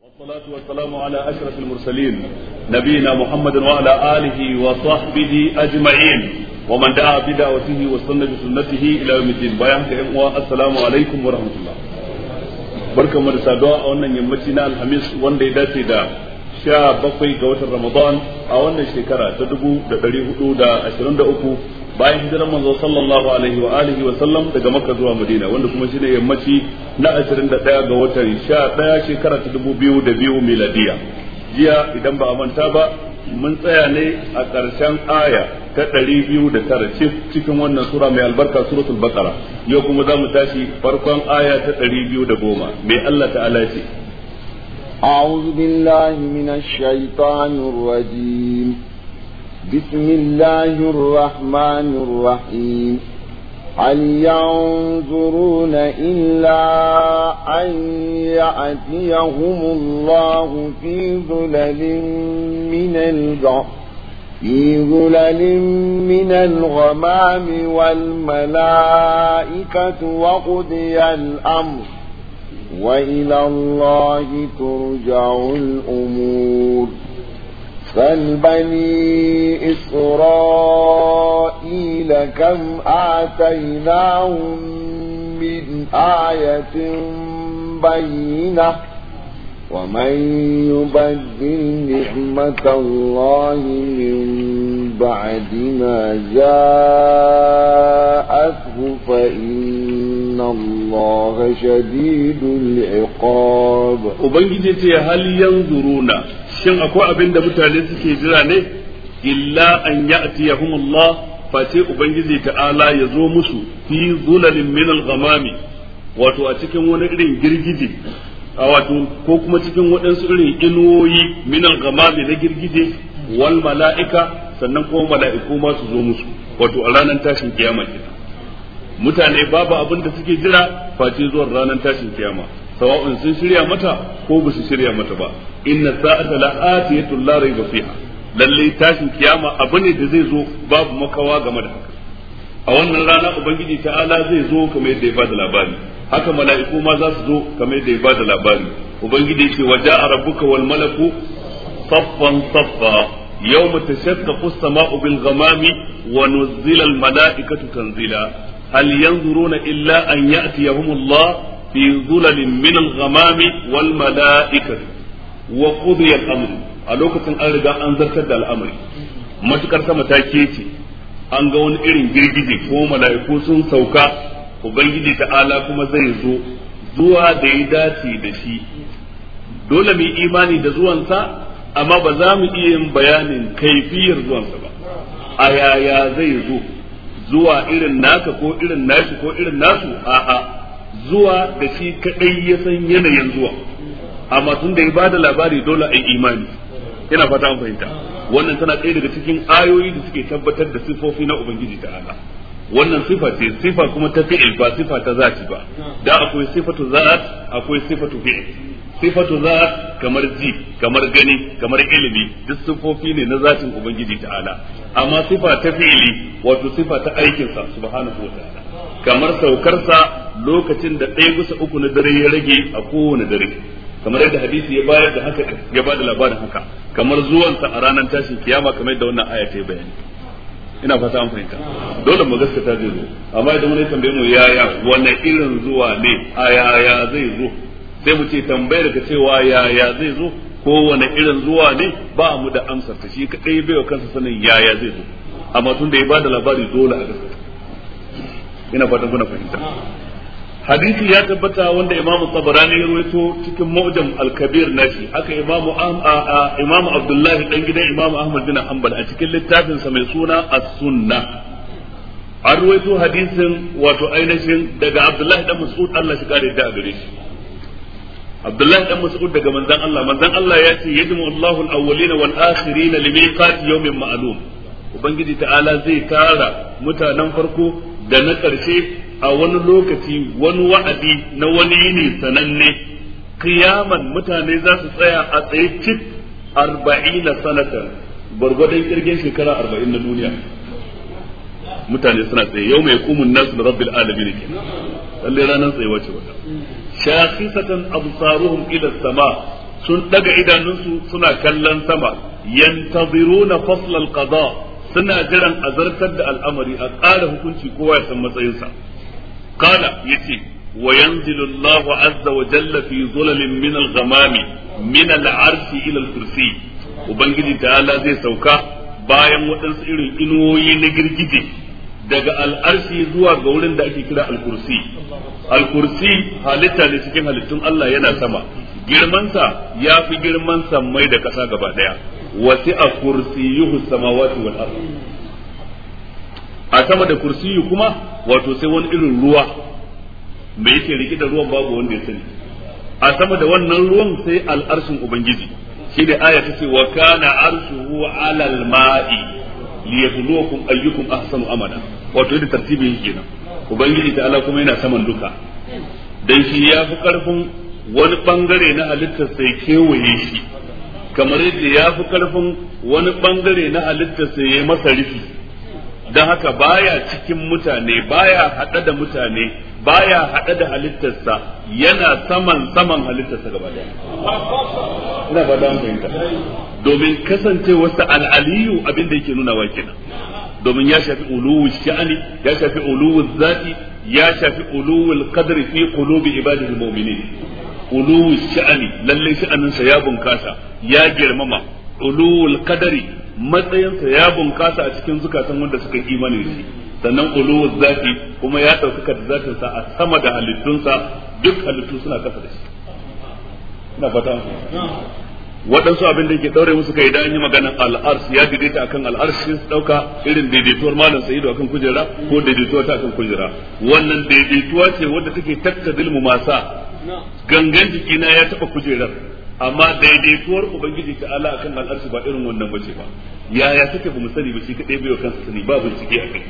والصلاة والسلام على أشرف المرسلين نبينا محمد وعلى آله وصحبه أجمعين ومن دعا بدعوته واستنى بسنته إلى يوم الدين بيان السلام عليكم ورحمة الله barkan mu da saduwa a wannan yammaci na alhamis wanda ya dace da sha bakwai ga watan ramadan a wannan shekara ta dubu da hudu da ashirin da uku bayan hijiran manzo sallallahu alaihi wa alihi wa sallam daga makka zuwa madina wanda kuma shine yammaci na 21 ga watan 11 shekara ta 2002 miladiya jiya idan ba a manta ba mun tsaya ne a ƙarshen aya ta 209 cikin wannan sura mai albarka suratul baqara yau kuma za mu tashi farkon aya ta 210 mai Allah ta'ala ce أعوذ بالله من الشيطان الرجيم بسم الله الرحمن الرحيم هل ينظرون إلا أن يأتيهم الله في ظلل من الغم في ظلل من الغمام والملائكة وقضي الأمر وإلى الله ترجع الأمور سل بني إسرائيل كم آتيناهم من آية بينة ومن يبدل نعمة الله من بعد ما جاءته فإن الله شديد العقاب وبنجد هل ينظرون shin akwai abin da mutane suke jira ne illa an ya'tiyahum Allah face ubangiji ta'ala ya zo musu fi zulalin min al-ghamami wato a cikin wani irin girgije a wato ko kuma cikin waɗansu irin inuwoyi min al-ghamami na girgije wal mala'ika sannan kuma mala'iku ma su zo musu wato a ranar tashin kiyama kenan mutane babu abin da suke jira face zuwar ranar tashin kiyama sawa'un sun shirya mata ko ba su shirya mata ba inna sa'ata la'atiyatu la rayba fiha lalle tashin kiyama abu ne da zai zo babu makawa game da haka a wannan rana ubangiji ta ta'ala zai zo kamar yadda ya bada labari haka mala'iku ma za su zo kamar yadda ya bada labari ubangiji ce waje a rabbuka wal malaku saffan saffa yawma tashaqqaqu as-sama'u bil ghamami wa nuzila al mala'ikatu tanzila hal yanzuruna illa an ya'tiyahum Allah fi zulalin min al-ghamami wa qudiya al a lokacin an riga an zartar da al'amari matukar sama ta kece an ga wani irin girgije ko mala'iku sun sauka ubangiji ta'ala kuma zai zo zuwa da ya dace da shi dole muyi imani da zuwansa amma ba za mu iya yin bayanin kaifiyar zuwansa ba a yaya zai zo zuwa irin naka ko irin nashi ko irin nasu a'a zuwa da shi kadai ya san yanayin zuwa amma tun da ya bada labari dole a imani ina fata an fahimta wannan tana ɗaya daga cikin ayoyi da suke tabbatar da sifofi na ubangiji ala wannan sifa ce sifa kuma ta fi'il ba sifa ta zati ba da akwai sifatu zat akwai sifatu fi'il sifatu zat kamar ji kamar gani kamar ilimi duk sifofi ne na zatin ubangiji ala amma sifa ta fi'ili wato sifa ta aikinsa subhanahu wa ta'ala kamar saukarsa lokacin da ɗaya gusa uku na dare ya rage a kowane dare kamar yadda hadisi ya bayar da haka ya bada labarin haka kamar zuwansa a ranar tashin kiyama kamar yadda wannan aya ta bayani ina fata an fahimta dole mu gaskata zai zo amma idan wani tambaye mu yaya wani irin zuwa ne a yaya zai zo sai mu ce tambayar ka cewa yaya zai zo ko wani irin zuwa ne ba mu da amsar ta shi kadai bai wa kansa sanin yaya zai zo amma tun da ya bada labari dole a gaskata ina fatan kuna fahimta hadisi ya tabbata wanda imamu tabarani ya rawaito cikin mu'jam al-kabir nashi haka imamu imamu abdullahi dan gidan imamu ahmad bin hanbal a cikin littafin sa mai suna as-sunna an rawaito hadisin wato ainihin daga abdullahi dan mas'ud Allah shi kare da gare shi abdullahi dan mas'ud daga manzon Allah manzon Allah ya ce yajmu Allahu al-awwalina wal akhirina li miqat yawmin ma'lum ubangiji ta'ala zai tara mutanen farko da na ƙarshe a wani lokaci wani wa'adi na wani yini sananne kiyaman mutane za su tsaya a tsaye cik arba'ina sanatan gwargwadon kirgin shekara arba'in na duniya mutane suna tsaye yau mai kumun nasu da rabbil alamin ke lalle ranar tsaye wace wata shakisatan absaruhum ila sama sun daga idanunsu suna kallon sama yantaziruna fasl al qada suna jiran a zartar da al'amari a ƙara hukunci kowa ya san matsayinsa kala ce wa yanzilu Allah azza wa jalla fi zulalin min al-ghamami min al-arshi ila al-kursi ubangiji ta'ala zai sauka bayan waɗansu irin inuwoyi na girgije daga al'arshi zuwa ga wurin da ake kira al-kursi al-kursi halitta ne cikin halittun Allah yana sama girmansa ya fi girman sammai da ƙasa gaba ɗaya wasi'a kursiyuhu samawati wal ardh a sama da kursiyu kuma wato sai wani irin ruwa me yake rike da ruwan babu wanda ya sani a sama da wannan ruwan sai al'arshin ubangiji shi da aya ta ce wa kana arshuhu alal ma'i liyabluwakum ayyukum ahsanu amala wato yadda tartibi yake kenan ubangiji ta Allah kuma yana saman duka dan shi ya fi karfin wani bangare na halittar sai kewaye shi kamar yadda ya fi karfin wani bangare na halittarsa ya yi masa rufi don haka baya cikin mutane baya haɗa da mutane baya haɗa da halittarsa yana saman saman halittarsa gaba daya ina ba don fahimta domin kasancewarsa al'aliyu abin da yake nuna wa domin ya shafi uluwu sha'ani ya shafi uluwu zaɗi ya shafi uluwu qadri fi qulubi ibadihi mu'minin ulul sha'ani lalle sha'aninsa ya bunkasa ya girmama uluwul kadari sa ya bunkasa a cikin zukatan wanda suka yi imani da shi sannan ulul zati kuma ya ɗaukaka da sa a sama da halittunsa duk halittu suna kafa. da shi ina fata waɗansu abin da ke ɗaure musu kai idan an yi maganar al'ars ya daidaita akan al'ars su ɗauka irin daidaituwar malam sa'idu akan kujera ko daidaituwa ta akan kujera wannan daidaituwa ce wadda take tattadil masa gangan jikina ya taba kujerar amma daidaituwar ubangiji ta ala akan al'arshi ba irin wannan bace ba ya ya take bamu sani ba shi kadai bai kansa sani ba bincike a kai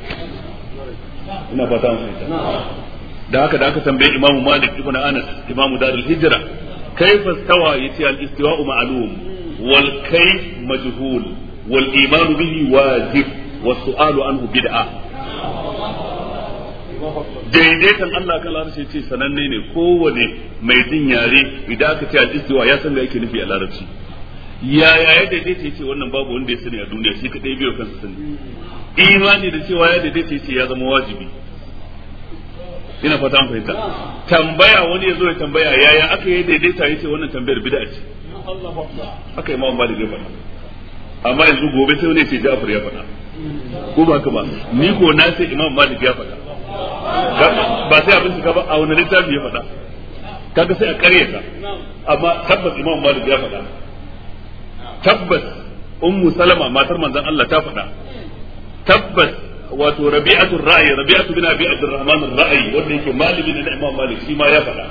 ina fata mu fahimta da haka da aka tambaye imamu malik ibn anas imamu darul hijra kaifa stawa yati al istiwa ma'lum wal kayf majhul wal iman bihi wajib was su'alu anhu bid'ah daidaitan Allah kala harshe ce sananne ne kowane mai jin yare idan aka ce al ya san me yake nufi a larabci yaya ya daidaita ce wannan babu wanda ya sani a duniya shi kadai biyo kansa sani imani da cewa ya daidaita ce ya zama wajibi ina fata an fahimta tambaya wani ya zo ya tambaya yaya aka yi daidaita ce wannan tambayar bid'a ce aka imam malik ya faɗa amma yanzu gobe sai wani ya ce Ja'far ya faɗa ko ba ka ba ni ko na sai imam malik ya faɗa ba sai abin bincika ba a wani littafi ya faɗa kaga sai a ka amma tabbas imam malik ya faɗa tabbas ummu salama matar manzon Allah ta faɗa tabbas wato rabi'atu ra'i rabi'atu bin abi abdurrahman ar-ra'i wanda yake malik ne na imam malik shi ma ya faɗa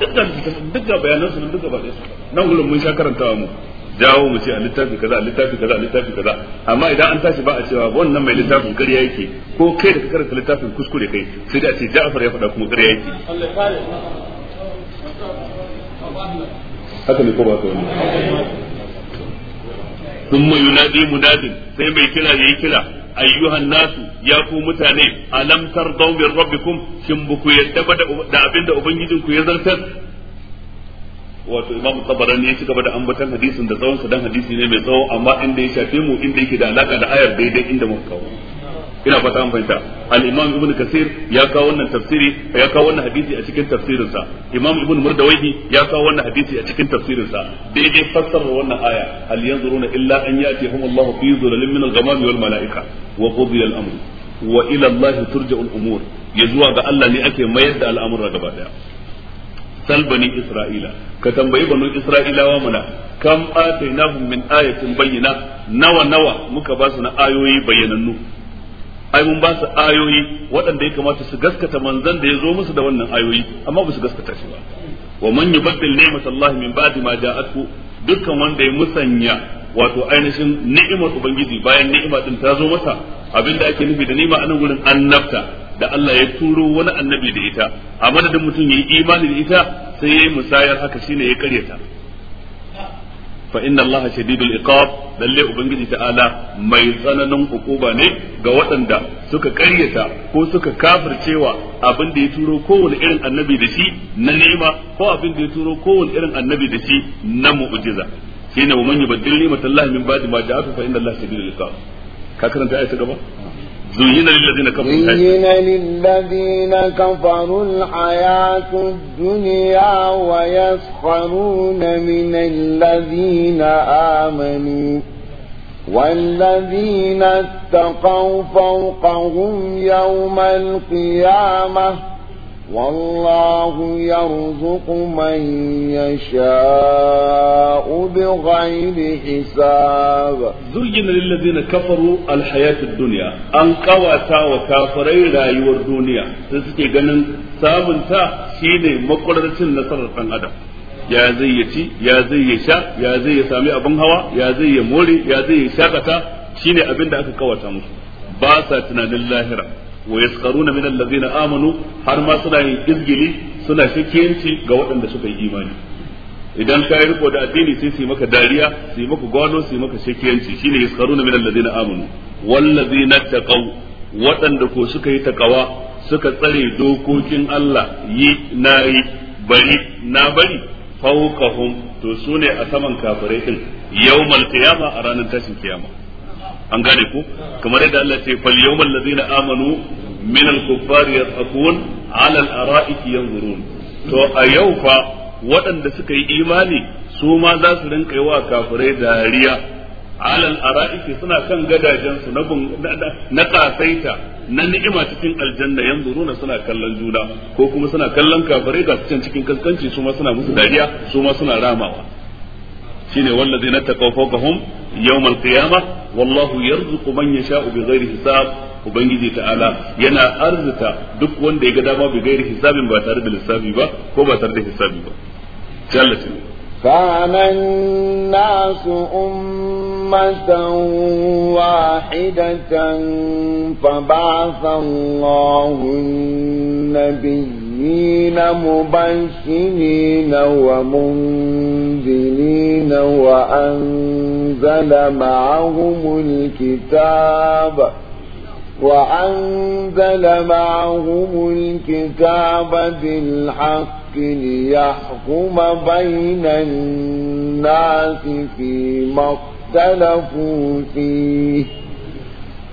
dukkan dukkan bayanan su dukkan ba nan gurin mun sha karantawa mu dawo mu ce a littafi kaza a littafi kaza a littafi kaza amma idan an tashi ba a cewa wannan mai littafin ƙarya yake ko kai da ka karanta littafin kuskure kai sai da a ce Ja'far ya faɗa kuma ƙarya yake haka ne ko ba ka wani ثم yunadi مناد sai mai kira yayi kira ayyuhan nasu ya ku mutane alam tardau min rabbikum shin buku yadda da abinda ubangijinku ya zartar wato imam ne ya ci gaba da ambatan hadisin da tsawon dan hadisi ne mai tsawo amma inda ya shafe mu inda yake da alaka da ayar daidai inda muka kawo ina fata an fahimta al imam ibn kasir ya kawo wannan tafsiri ya kawo wannan hadisi a cikin tafsirin sa imam ibn murdawaihi ya kawo wannan hadisi a cikin tafsirin sa daidai fassara wannan aya hal yanzuruna illa an yatihum Allah fi zulalin min al-ghamam wal malaika wa qudiya al-amr wa ila Allah turja al-umur ya zuwa ga Allah ne ake mayar da al'amura gaba daya sal bani isra'ila ka tambayi banu isra'ilawa muna kam atainahum min ayatin bayyana nawa nawa muka ba su na ayoyi bayyanannu ai mun ba su ayoyi waɗanda ya kamata su gaskata manzon da ya zo musu da wannan ayoyi amma ba su gaskata shi ba wa man yubaddil ni'mat Allah min ba'di ma ja'atku dukkan wanda ya musanya wato ainihin ni'imar ubangiji bayan ni'ima din ta zo masa abinda ake nufi da ni'ima anan gurin annabta da Allah ya turo wani annabi da ita a madadin mutum yi imani da ita sai yi musayar haka shine ya karyata fa inna Allah shadidul iqab lalle ubangiji ta'ala mai tsananin hukuma ne ga waɗanda suka karyata ko suka kafircewa abin da ya turo kowane irin annabi da shi na nema ko abin da ya turo kowane irin annabi da shi na mu'jiza shine wa man yubaddil ni'matallahi min ba'di ma ja'atu fa inna Allah shadidul iqab ka karanta ayata gaba زين للذين كفروا زين للذين كفروا الحياة الدنيا ويسخرون من الذين آمنوا والذين اتقوا فوقهم يوم القيامة والله يرزق من يشاء بغير حساب زين للذين كفروا الحياة الدنيا أن قواتا وكافري لا يور دنيا تسكي جنن سامنتا شيني مقررة نصر الفنغدم ya zai ya ci ya zai ya sha ya zai ya sami abin hawa ya zai ya more ya zai ya shakata shine abin da aka ƙawata musu ba sa tunanin lahira wa yaskaruna min allazina amanu har ma suna yin izgili suna shikiyanci ga waɗanda suka yi imani idan ka yi riko da addini sai su maka dariya su maka gwano su maka shakiyanci shine yaskaruna min allazina amanu wallazina taqaw waɗanda ko suka yi takawa suka tsare dokokin Allah yi nayi bari na bari fawqahum to sune a saman kafirai din yawmal qiyama a ranar tashin kiyama an gane ku kamar yadda Allah ce fal yawmal ladina amanu min al kuffar yadhakun ala al ara'iki yanzurun to a yau fa waɗanda suka yi imani su ma za su rinka yi wa kafirai dariya ala al ara'iki suna kan gadajen su na na kasaita na ni'ima cikin aljanna yanzuruna suna kallon juna ko kuma suna kallon kafirai ga cikin cikin kaskanci su ma suna musu dariya su ma suna ramawa shine wallazina taqaw fawqahum yawm al-qiyamah wallahu yarzuqu man yasha'u bighairi hisab ubangiji ta'ala yana arzuta duk wanda ya ga dama bighairi hisabin ba tare da lissafi ba ko ba tare da hisabi ba كان الناس أمة واحدة فبعث الله النبيين مبشرين ومنذرين وأنزل معهم الكتاب وأنزل معهم الكتاب بالحق الحق ليحكم بين الناس فيما اختلفوا فيه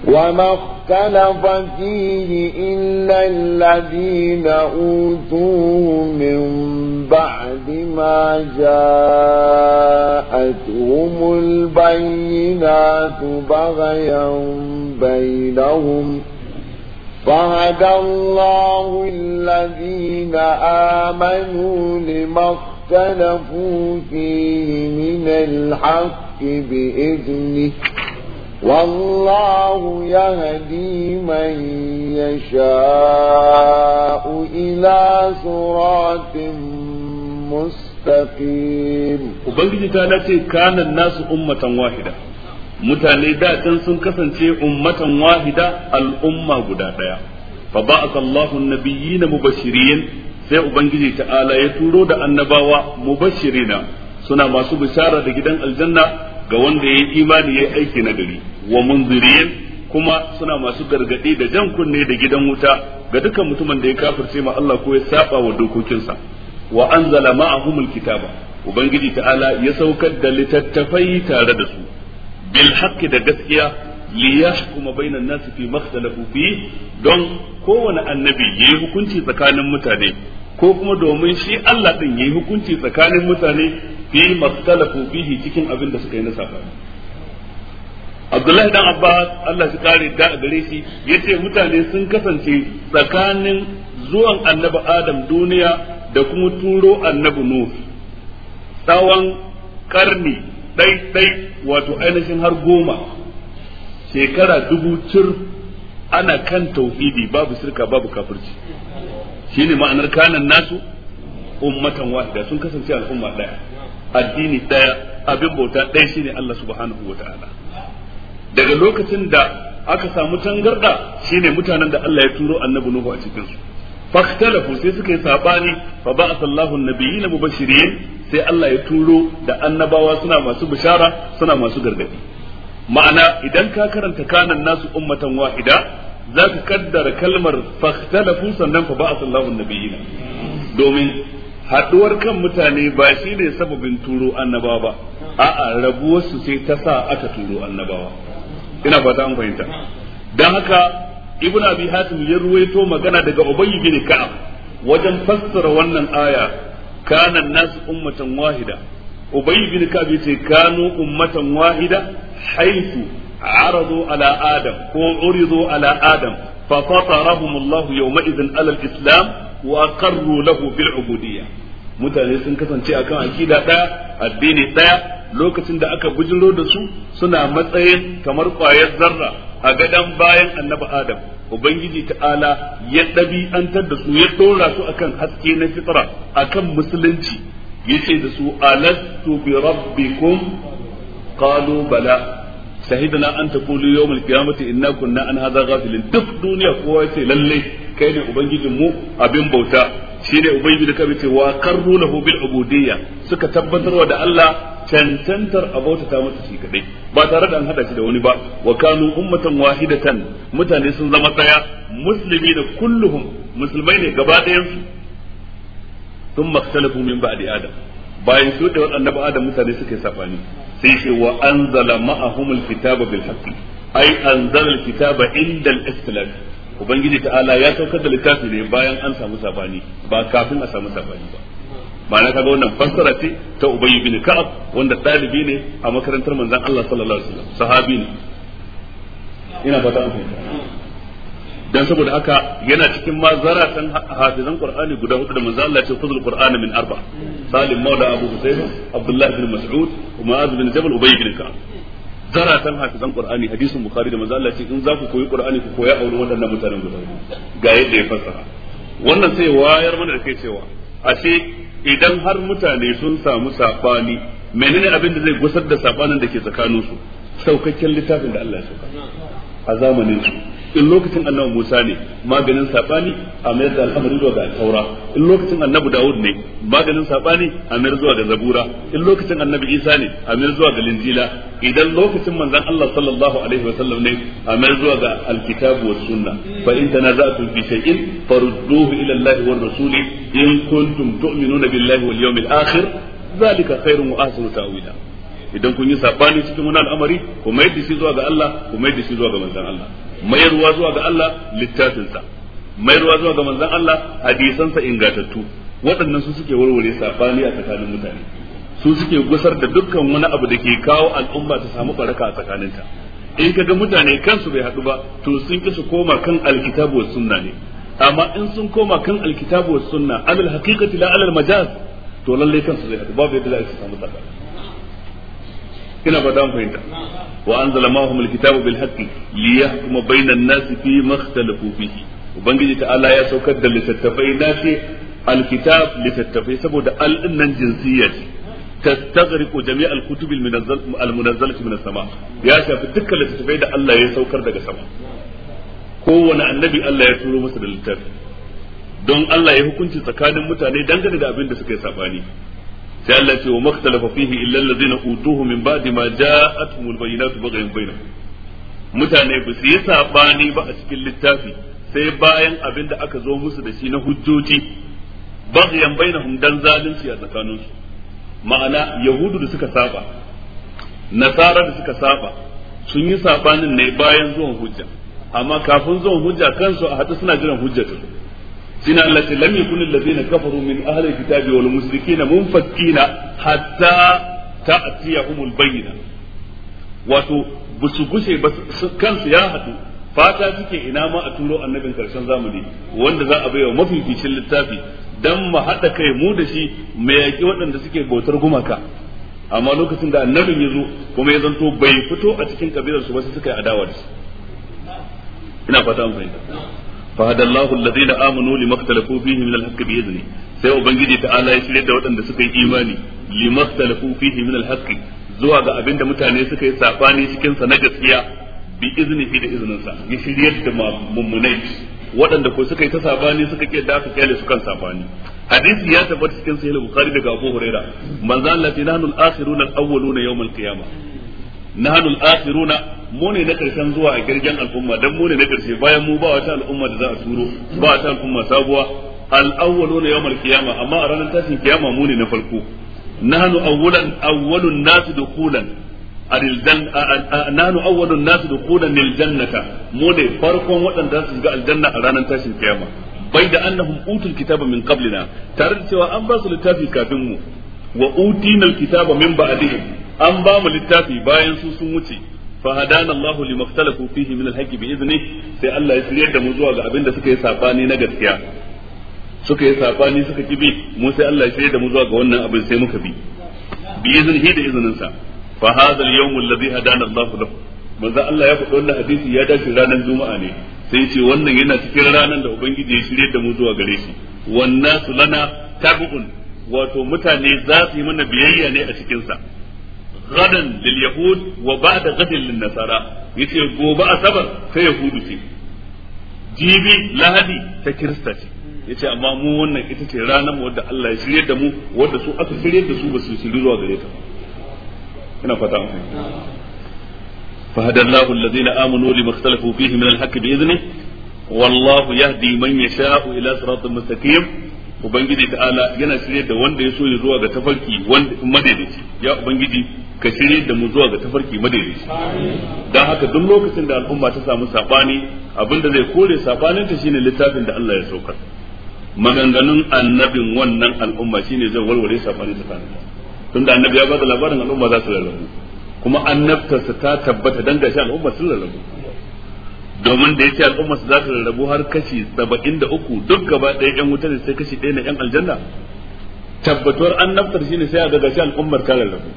وما اختلف فيه إلا الذين أوتوه من بعد ما جاءتهم البينات بغيا بينهم ۖ وهدى الله الذين آمنوا لما اختلفوا فيه من الحق بإذنه والله يهدي من يشاء إلى صراط مستقيم وبنجي التي كان الناس أمة واحدة mutane da can sun kasance ummatan wahida al'umma guda daya fa ba'atha Allahu an-nabiyyina mubashirin sai ubangiji ta'ala ya turo da annabawa mubashirina suna masu bishara da gidan aljanna ga wanda yayi imani yayi aiki na gari wa munzirin kuma suna masu gargadi da jan kunne da gidan wuta ga dukkan mutumin da ya kafirce ma Allah ko ya saba wa dokokinsa wa anzala ma'ahumul kitaba ubangiji ta'ala ya saukar da littattafai tare da su bil da gaskiya li yahkuma bainan nas fi makhtalafu fi don kowane annabi yayi hukunci tsakanin mutane ko kuma domin shi Allah din yayi hukunci tsakanin mutane fi makhtalafu fihi cikin abin da suka yi na sabani Abdullahi dan Abbas Allah shi kare da a gare shi yace mutane sun kasance tsakanin zuwan annabi Adam duniya da kuma turo annabi Nuh tsawon karni ɗai ɗai wato ainihin har goma shekara dubu cir ana kan tauhidi babu shirka babu kafirci shine ma'anar kanan nasu ummatan wahida sun kasance al'umma ɗaya addini ɗaya abin bauta ɗaya shine Allah subhanahu wa ta'ala daga lokacin da aka samu tangarda shine mutanen da Allah ya turo annabi Nuhu a cikinsu. faktalafu sai suka yi saɓani fa ba sallahu nabiyina mubashirin sai Allah ya turo da annabawa suna masu bishara suna masu gargadi ma'ana idan ka karanta kanan nasu ummatan wahida za ka kaddara kalmar faktalafu sannan fa ba sallahu nabiyina domin haɗuwar kan mutane ba shi ne sababin turo annabawa ba a'a rabuwarsu sai ta sa aka turo annabawa ina fata an fahimta don haka ibn abi hatim ya ruwaito magana daga ubayy bin ka'ab wajen fassara wannan aya kana nas ummatan wahida ubayy bin ka'ab yace kanu ummatan wahida haythu aradu ala adam ko uridu ala adam fa fatarahum Allah yawma idhin ala al-islam wa aqarru lahu bil ubudiyyah mutane sun kasance akan akida daya addini daya lokacin da aka bujiro da su suna matsayin kamar kwayar zarra a gadon bayan annabi adam ubangiji ta'ala ya ɗabi'antar da su ya ɗora su akan haske na fitra akan musulunci yace da su alastu bi rabbikum qalu bala shahidna an taqulu yawm al-qiyamati inna kunna an hadha ghafilin duk duniya kowa yace lalle kai ne ubangijin mu abin bauta shine ubangiji da kabe ce wa karru lahu bil ubudiyya suka tabbatarwa da Allah cancantar abauta ta mutu shi kadai ba tare da an hada shi da wani ba wa kanu ummatan wahidatan mutane sun zama daya muslimi da kulluhum musulmai ne gaba ɗayan su sun makhtalafu min ba'di adam bayan su da annabi adam mutane suke safani sai ce wa anzala ma'ahum alkitaba bil haqqi ai anzala alkitaba inda al-istilaf ubangiji ta'ala ya saukar da littafi ne bayan an samu safani ba kafin a samu safani ba ma'ana kaga wannan fassara ce ta ubay bin ka'ab wanda dalibi ne a makarantar manzon Allah sallallahu alaihi wasallam sahabi ne ina fata an dan saboda haka yana cikin ma zaratan hafizan qur'ani guda hudu da manzo Allah ya ce fuzul qur'ana min arba salim maula abu husayn abdullah bin mas'ud mu'adh bin jabal ubay bin ka'ab zaratan hafizan qur'ani hadisin bukhari da manzo Allah ya ce in za ku koyi qur'ani ku koya auren waɗannan mutanen guda ga yadda ya fassara wannan sai wayar mana da kai cewa ashe idan har mutane sun samu saɓani, menene abin da zai gusar da sabanin da ke tsakanin su saukakken littafin da Allah ya sauka a zamanin su in lokacin annabi Musa ne maganin saɓani a mayar da al'amari zuwa ga taura in lokacin annabi Dawud ne maganin saɓani a mayar zuwa ga zabura in lokacin annabi Isa ne a mayar zuwa ga linjila idan lokacin manzon Allah sallallahu alaihi wa sallam ne a mayar zuwa ga alkitabu was sunna fa in tanaza'tum fi shay'in farudduhu ila Allah wa rasuli in kuntum tu'minuna billahi wal yawmil akhir zalika khairun wa ahsanu ta'wila idan kun yi sabani cikin wani al'amari ku mai da zuwa ga Allah ku mai da zuwa ga manzon Allah mayarwa zuwa ga Allah littafinsa mayarwa zuwa ga manzon Allah hadisansa ingantattu. waɗannan su suke warware sabani a tsakanin mutane su suke gusar da dukkan wani abu da ke kawo al'umma ta samu baraka a tsakaninta in kaga mutane kansu bai haɗu ba to sun ki su koma kan alkitabu sunna ne amma in sun koma kan alkitabu was sunna alal haqiqati la alal majaz to lalle su zai hadu babu yadda za su samu tsaka ina ba dan fahimta wa anzala mahum alkitabu bil haqqi liyahkuma bainan nasi fi makhtalafu fihi ubangiji ta'ala ya saukar da litattafai na nashi alkitab litattafai saboda al dinnan jinsiyya ce تستغرق جميع الكتب المنزلة sama ya shafi شاف litattafai da Allah ya saukar daga sama. kowane annabi Allah ya turo masa da littafi don Allah ya hukunci tsakanin mutane dangane da abin da suka yi sabani sai Allah ce wa maktalafa fihi illa allazina utuhu min ba'di ma ja'atuhumul bayyinatu baghayan bainahum mutane ba su yi sabani ba a cikin littafi sai bayan abin da aka zo musu da shi na hujjoji baghayan bainahum dan zalunci a tsakaninsu ma'ana yahudu da suka saba nasara da suka saba sun yi sabanin ne bayan zuwan hujja amma kafin zuwan hujja kansu a hadu suna jiran hujjatu sina Allah ce lam yakun alladhina kafaru min ahli alkitabi wal mushrikina munfakkina hatta ta'tiyahum albayna wato busu gushe ba kansu ya hadu fata suke ina ma a turo annabin karshen zamani wanda za a baiwa mafificin littafi dan mu haɗa kai mu da shi mai yaki waɗanda suke bautar gumaka amma lokacin da annabin ya zo kuma ya zanto bai fito a cikin kabilar su ba sai suka yi adawa da shi ina fata an fahimta fa hadallahu alladhina amanu limaktalafu fihi min alhaqqi bi idni sai ubangiji ta'ala ya shirye da waɗanda suka yi imani limaktalafu fihi min alhaqqi zuwa ga abinda mutane suka yi sabani cikin sa na gaskiya bi iznihi da izninsa ya shiryar da mummunai waɗanda ko suka yi ta sabani suka ke da aka kyale su kan sabani hadisi ya tabbata cikin sahih bukhari daga abu huraira manzo Allah ce nahnu al-akhiruna al-awwaluna yawm al-qiyamah nahnu al-akhiruna mu ne na karshen zuwa a girgin al'umma dan mu ne na karshe bayan mu ba wata al'umma da za a turo ba wata al'umma sabuwa al-awwalu na yawmal qiyama amma a ranar tashin qiyama mu ne na farko nahnu awwalan awwalun nas dukhulan adil dan nahnu awwalun mu ne farkon waɗanda za su shiga aljanna a ranar tashin qiyama bai da annahum utul kitaba min qablina tare da cewa an basu su kafin mu wa utina kitaba min ba'dihim an ba mu littafi bayan su sun wuce fa hadana Allahu limaftalafu fihi min alhaqi bi izni sai Allah ya tsire da mu zuwa ga abinda suka yi sabani na gaskiya suka yi sabani suka kibi mu sai Allah ya tsire da mu zuwa ga wannan abin sai muka bi bi iznihi da iznin sa fa hadha al-yawm alladhi hadana Allahu lahu manzo Allah ya faɗi wannan hadisi ya dace ranar juma'a ne sai ce wannan yana cikin ranar da ubangiji ya shirye da mu zuwa gare shi wannan lana tabi'un wato mutane za su yi mana biyayya ne a cikin sa gadan lil yahud wa ba'da gadin lin nasara yace gobe asabar ta yahudu ce jibi lahadi ta kirista ce yace amma mu wannan ita ce ranar mu wadda Allah ya shirye da mu wadda su aka shirye da su ba su shirye zuwa gare ta ina fata an fahimta فهدى الله الذين آمنوا لما اختلفوا فيه من الحق بإذنه والله يهدي من ubangiji ala yana shirye da wanda ya so ya zuwa ga tafarki wanda madaidaici ya ubangiji ka shirye da mu zuwa ga tafarki madaidaici dan haka duk lokacin da al'umma ta samu sabani abinda zai kore sabanin ta shine littafin da Allah ya saukar maganganun annabin wannan al'umma shine zai warware sabanin ta tun da annabi ya bada labarin al'umma za su rarrabu kuma annabtarsa ta tabbata dan gashi al'umma sun rarrabu domin da yace al'umma su za ta rarrabu har kashi 73 duk gaba ɗaya yan wuta ne sai kashi ɗaya na yan aljanna tabbatuwar annabtar shine sai a ga gashi al'ummar ta rarrabu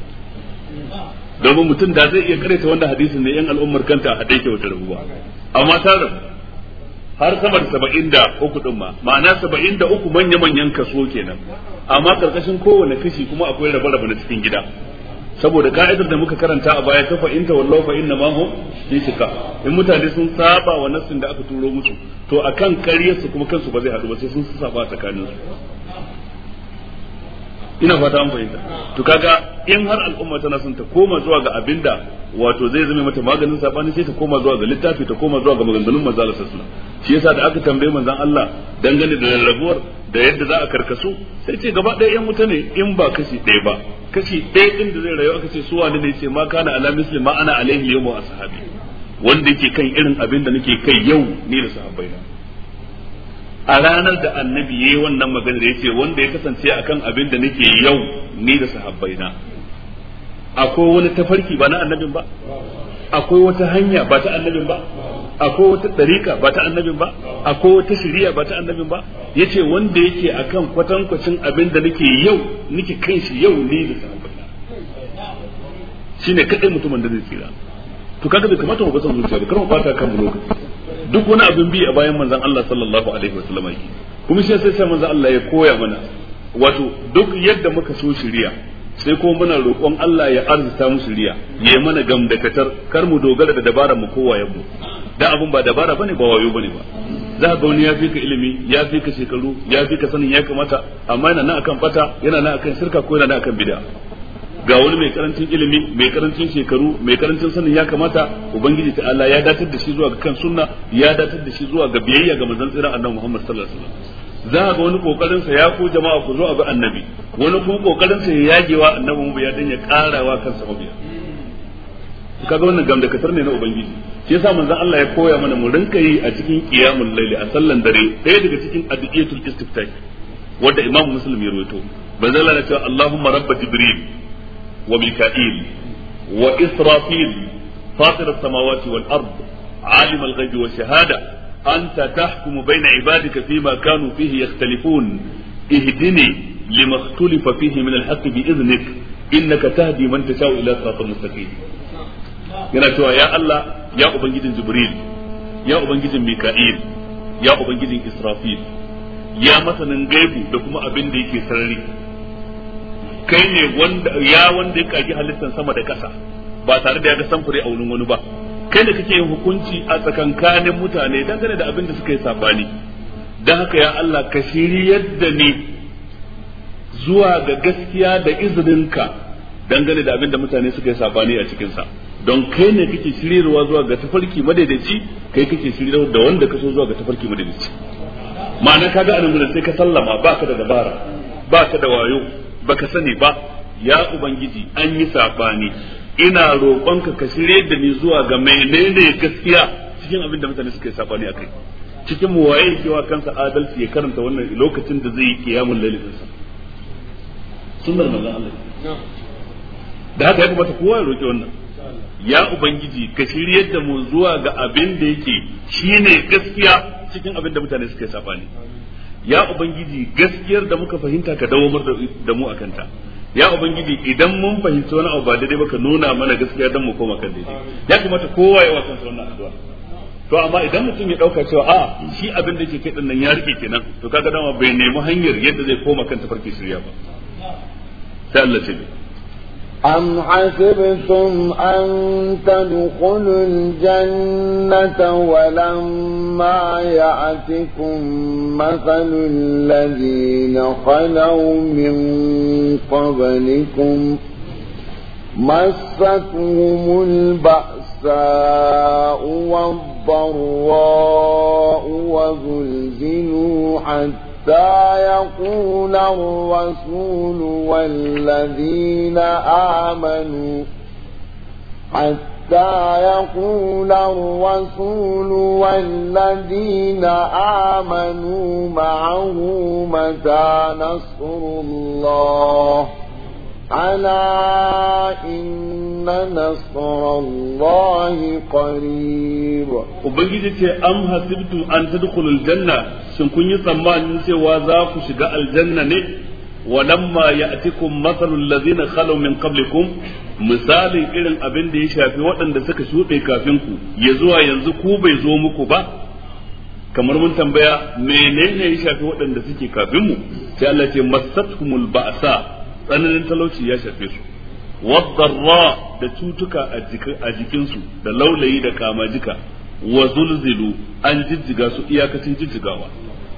domin mutum da zai iya karanta wanda hadisi ne yan al'ummar kanta a haɗe ke wata rabuwa amma ta rabu har sama da saba'in da uku ɗin ma ma'ana saba'in da uku manya-manyan kaso kenan amma karkashin kowane kashi kuma akwai rabe-rabe na cikin gida saboda ka'idar da muka karanta a baya ta fa'in ta wallahu fa inna ma hum fi shika in mutane sun saba wa nassin da aka turo musu to akan ƙaryar su kuma kansu ba zai haɗu ba sai sun saba tsakanin su ina fata an fahimta to kaga in har al'umma tana son ta koma zuwa ga abinda wato zai zama mata maganin sabani sai ta koma zuwa ga littafi ta koma zuwa ga maganganun maza sallallahu shi yasa da aka tambaye manzon Allah dangane da rarrabuwar da yadda za a karkasu sai ce gaba ɗaya yan wuta in ba kashi ɗaya ba kashi ɗaya din da zai rayu aka ce su wani ne ce ma kana ala muslim ma ana alaihi yawma ashabi wanda yake kan irin abin da nake kai yau ni da sahabbai na a ranar da annabi yayi wannan magana da yace wanda ya kasance akan abin da nake yau ni da sahabbai na akwai wani tafarki ba na annabin ba akwai wata hanya ba ta annabin ba akwai wata dariƙa ba ta annabin ba akwai wata shari'a ba ta annabin ba yace wanda yake akan kwatankwacin abin da nake yau nake kan shi yau ne da Shi shine kadai mutumin da zai tsira to kaga da kamata mu ba san zuciya ba kar mu kan mu lokaci duk wani abin bi a bayan manzon Allah sallallahu alaihi wa sallam yake kuma shi sai sai manzon Allah ya koya mana wato duk yadda muka so shari'a sai kuma muna roƙon Allah ya arzuta mu shiriya yi mana gamdakatar kar mu dogara da dabara mu kowa yabo da abun ba dabara bane ba wayo bane ba za ka wani ya fi ka ilimi ya fi ka shekaru ya fi ka sanin ya kamata amma yana nan akan fata yana nan akan shirka ko yana nan akan bid'a ga wani mai karancin ilimi mai karancin shekaru mai karancin sanin ya kamata ubangiji ta Allah ya datar da shi zuwa ga kan sunna ya datar da shi zuwa ga biyayya ga manzon tsira annabi Muhammad sallallahu alaihi wasallam za ga wani kokarin sa ya ko jama'a ku zo a ga annabi wani kuma kokarin sa ya yagewa annabi mu ya danya karawa kansa mabiya kaga wannan gamdakatar ne na ubangiji shi yasa manzon Allah ya koya mana mu rinka yi a cikin qiyamul layli a sallan dare ɗaya daga cikin addu'atul istiftah wanda Imam Muslim ya rawaito manzon Allah ya ce Allahumma rabb jibril wa mika'il wa israfil fatir as-samawati wal ard alim al wa shahada anta tahkumu bayna ibadika fima kanu fihi yakhtalifun ihdini lima ikhtalafa fihi min al-haqq bi idhnik innaka tahdi man tasha'u ila siratal mustaqim yana cewa ya Allah ya ubangijin Jibril ya ubangijin Mika'il ya ubangijin Israfil ya masanin gaibu da kuma abin da yake sarari kai ne wanda ya wanda ya kaji halittar sama da ƙasa ba tare da ya ga samfuri a wurin wani ba kai da kake yin hukunci a tsakankanin mutane dangane da abin da suka yi sabani dan haka ya Allah ka shiryar da ni zuwa ga gaskiya da izininka dangane da abin da mutane suka yi sabani a cikinsa. sa don kai ne kake shirirwa zuwa ga tafarki madaidaici kai kake shirirwa da wanda ka so zuwa ga tafarki madaidaici ma'ana ka ga annabi sai ka sallama baka da dabara baka da wayo baka sani ba ya ubangiji an yi sabani ina roƙonka ka shirye da ni zuwa ga menene gaskiya cikin abin da mutane suka yi sabani akai cikin mu waye wa kansa adalci ya karanta wannan lokacin da zai yi kiyamul lailin sa sunnar manzon Allah da haka ya ta kowa ya roki wannan ya ubangiji ka shiryar da mu zuwa ga abin da yake shine gaskiya cikin abin da mutane suke sabani ya ubangiji gaskiyar da muka fahimta ka dawo da mu akanta ya ubangiji idan mun fahimci wani abu ba daidai ba ka nuna mana gaskiya dan mu koma kan daidai ya kamata kowa ya wasan wannan addu'a to amma idan mutum ya dauka cewa a shi abin da yake kai din nan ya rike kenan to kaga dama bai nemi hanyar yadda zai koma kan tafarki shirya ba sai Allah ce أم حسبتم أن تدخلوا الجنة ولما يأتكم مثل الذين خلوا من قبلكم مستهم البأساء والضراء وزلزلوا حتى حتى يقول الرسول والذين آمنوا حتى يقول الرسول والذين آمنوا معه متى نصر الله ألا إن نصر الله قريب وبنجي أم حسبتم أن تدخلوا الجنة شنكون يسمان وذاك شقاء الجنة نه ولما يأتكم مثل الذين خلوا من قبلكم مثال إلى أبن دي شافي وأن دسك شوقي كافينكو يزوى ينزكو بيزومكو با kamar mun tambaya menene ya shafi waɗanda suke kafin mu sai Allah ce masatumul ba'sa tsananin talauci ya shafe su wadarra da cutuka a jikinsu da laulayi da kamajika wa zulzilu an jijjiga su iyakacin jijjigawa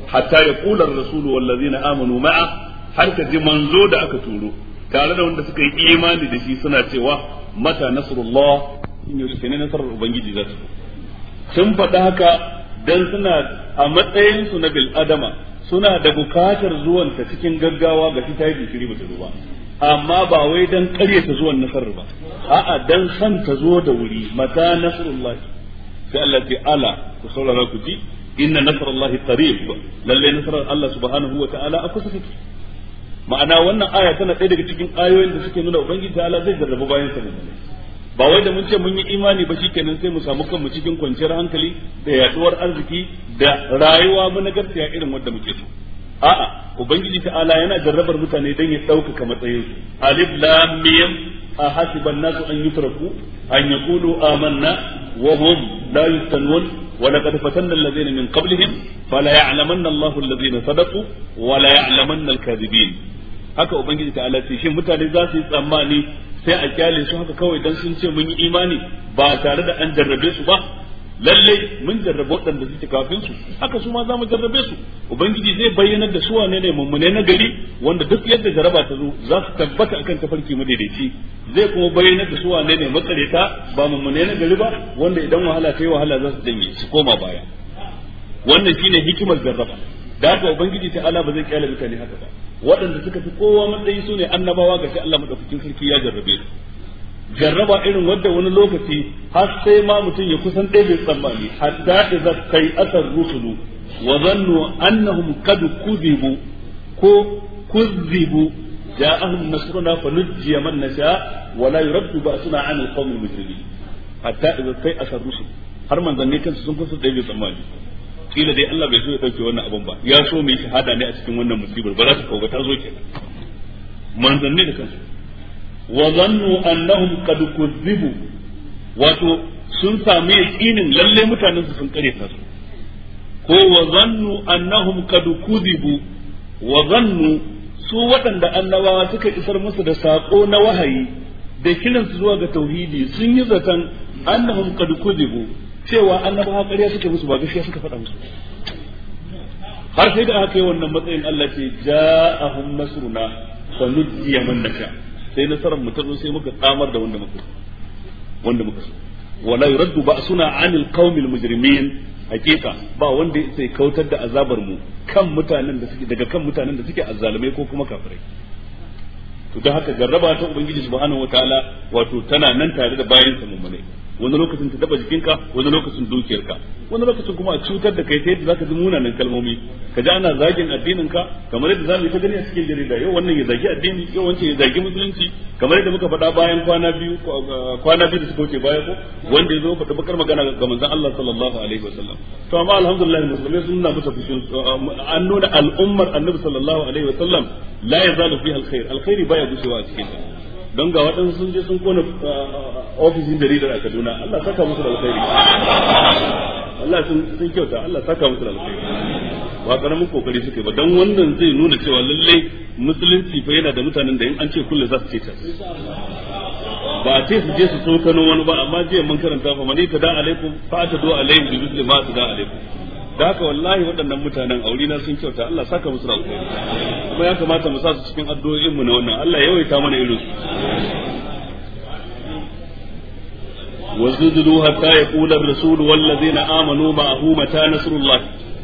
hatta ya kular rasulu na amanu ma'a har ka ji manzo da aka turo tare da wanda suka yi imani da shi suna cewa mata nasrullah in yau ne nasarar ubangiji za su sun faɗa haka dan suna a matsayinsu na bil adama suna da bukatar zuwanta cikin gaggawa ga ta yi jinkiri ba ta zo ba amma ba wai dan karyata zuwan nasar ba a'a dan san ta zo da wuri mata nasrullah sai Allah ala ku saurara ku ji inna nasrullahi qarib lalle nasarar Allah subhanahu wa ta'ala a kusa take ma'ana wannan aya tana ɗaya daga cikin ayoyin da suke nuna ubangiji ta'ala zai jarrabu bayan sa ne ba wai da mun ce mun yi imani ba shikenan sai mu samu kanmu cikin kwanciyar hankali da yaduwar arziki da rayuwa mu nagarciya irin wanda muke so a'a ubangiji ta'ala yana jarrabar mutane dan ya ɗaukaka su. alif lam mim a hasiban nasu an yutraku an yaqulu amanna wa hum la yuftanun wa laqad fatanna alladhina min qablihim fala ya'lamanna Allahu alladhina sadaqu wa la ya'lamanna al haka ubangiji ta'ala ce shin mutane za su yi tsammani sai a kyale su haka kawai dan sun ce mun yi imani ba tare da an jarrabe su ba lallai mun jarrabe waɗanda suke kafin su haka su ma za mu jarrabe su ubangiji zai bayyana da su wane ne mummune na gari wanda duk yadda jaraba ta zo za su tabbata akan tafarki madaidaici zai kuma bayyanar da su wane ne matsareta ba mummune na gari ba wanda idan wahala ta yi wahala za su danye su koma baya wannan shine hikimar jarraba da haka ubangiji ta ala ba zai kyale mutane haka ba waɗanda suka fi kowa matsayi su ne annabawa ga shi Allah madaukakin sarki ya jarrabe su jarraba irin wadda wani lokaci har sai ma mutum ya kusan ɗaya tsammani hatta idza kai asar rusulu wa zannu annahum kuzibu ko kuzibu ja'ahum nasruna fanujjiya man nasha wa la yuraddu ba'suna 'an al-qawmi al-mujrimin hatta idza kai asar rusul har manzanni kansu sun kusa ɗaya tsammani kila dai Allah bai so ya dauke wannan abin ba ya so mu yi shahada ne a cikin wannan musibar ba za su kauga ta zo kenan manzanni da kansu wa zannu annahum qad kuzzibu wato sun samu yaqinin lalle mutanen su sun kare ta su ko wa zannu annahum qad kuzibu wa zannu su waɗanda annabawa suka isar musu da sako na wahayi da kiransu zuwa ga tauhidi sun yi zaton annahum qad kuzibu cewa annabawa ƙarya suke musu ba gaskiya suka faɗa musu har sai da aka yi wannan matsayin Allah ce ja'ahum nasruna fa nujiya man nasha sai nasarar mu ta zo sai muka tsamar da wanda muka wanda muka so wala yuraddu ba'suna 'anil qaumil mujrimin hakika ba wanda sai kautar da azabar mu kan mutanen da suke daga kan mutanen da suke azzalumai ko kuma kafirai to don haka jarraba ta ubangiji subhanahu wataala wato tana nan tare da bayan sa mummune wani lokacin ta taba jikinka wani lokacin dukiyarka wani lokacin kuma a cutar da kai ta yadda zaka ji munanan kalmomi ka ji ana zagin addinin ka kamar yadda zamu ta gani a cikin jarida yau wannan ya zagi addini yau wancan ya zagi musulunci kamar yadda muka faɗa bayan kwana biyu eh, kwana biyu da suka wuce baya ko wanda ya zo faɗa bakar magana ga manzon Allah sallallahu alaihi wasallam to amma alhamdulillah musulmai sun nuna musu fushin eh, an nuna al'ummar annabi sallallahu alaihi wasallam la yazalu fiha alkhair alkhairi baya gushewa a cikin ta don ga waɗansu sun je sun kone uh, ofishin jaridar a Kaduna Allah saka musu da alkhairi Allah sun kyauta Allah saka musu da alkhairi ba karamin kokari suke ba dan wannan zai nuna cewa lallai musulunci fa yana da mutanen da in an ce kullu za su ce ta ba a ce su je su so kano wani ba amma jiya mun karanta fa mani ta da alaikum fa ta do alaikum bi misli ma da alaikum da haka wallahi waɗannan mutanen aure na sun kyauta Allah saka musu da kuma ya kamata mu sa su cikin addu'o'in mu na wannan Allah ya yawaita mana irin su wazdudu hatta yaqula ar-rasul wal ladina amanu ma'ahu mata nasrullah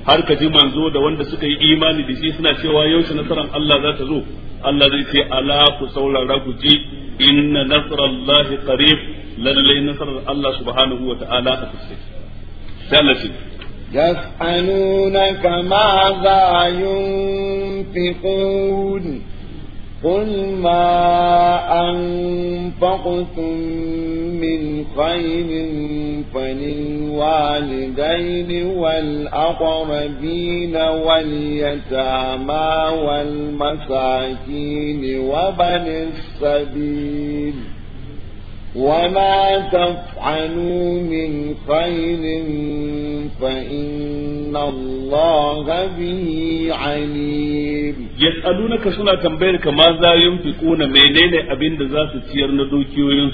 har ka ji manzo da wanda suka yi imani da shi suna cewa yaushe nasaran Allah za ta zo Allah zai ce ala ku saurara ku ji inna nasrallahi qarib lallai nasarar Allah subhanahu wa ta'ala a Sai Allah يسألونك ماذا ينفقون قل ما أنفقتم من خير فللوالدين والأقربين واليتامى والمساكين وبن السبيل وما تفعلوا من خير فإن الله به عليم يسألونك سنة تنبيرك ماذا ينفقون منين أبين ذات سير ندوكيوين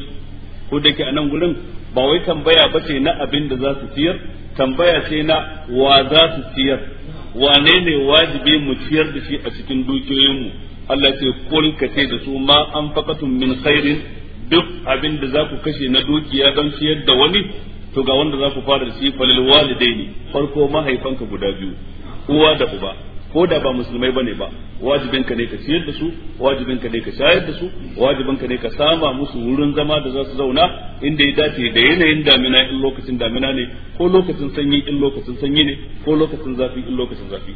ko da ke a nan gurin ba wai tambaya ba ce na abin da za su ciyar tambaya ce na wa za su ciyar Wanene wajibi mu ciyar da shi a cikin dukiyoyinmu Allah ce kul ka ce da su ma an faqatum min khairin duk abin da za ku kashe na dukiya don ciyar da wani to ga wanda za ku fara shi falil walidaini farko mahaifanka guda biyu uwa da uba ko da ba musulmai bane ba wajibinka ne ka ciyar da su wajibinka ne ka shayar da su wajibinka ne ka sama musu wurin zama da za su zauna inda ya dace da yanayin damina in lokacin damina ne ko lokacin sanyi in lokacin sanyi ne ko lokacin zafi in lokacin zafi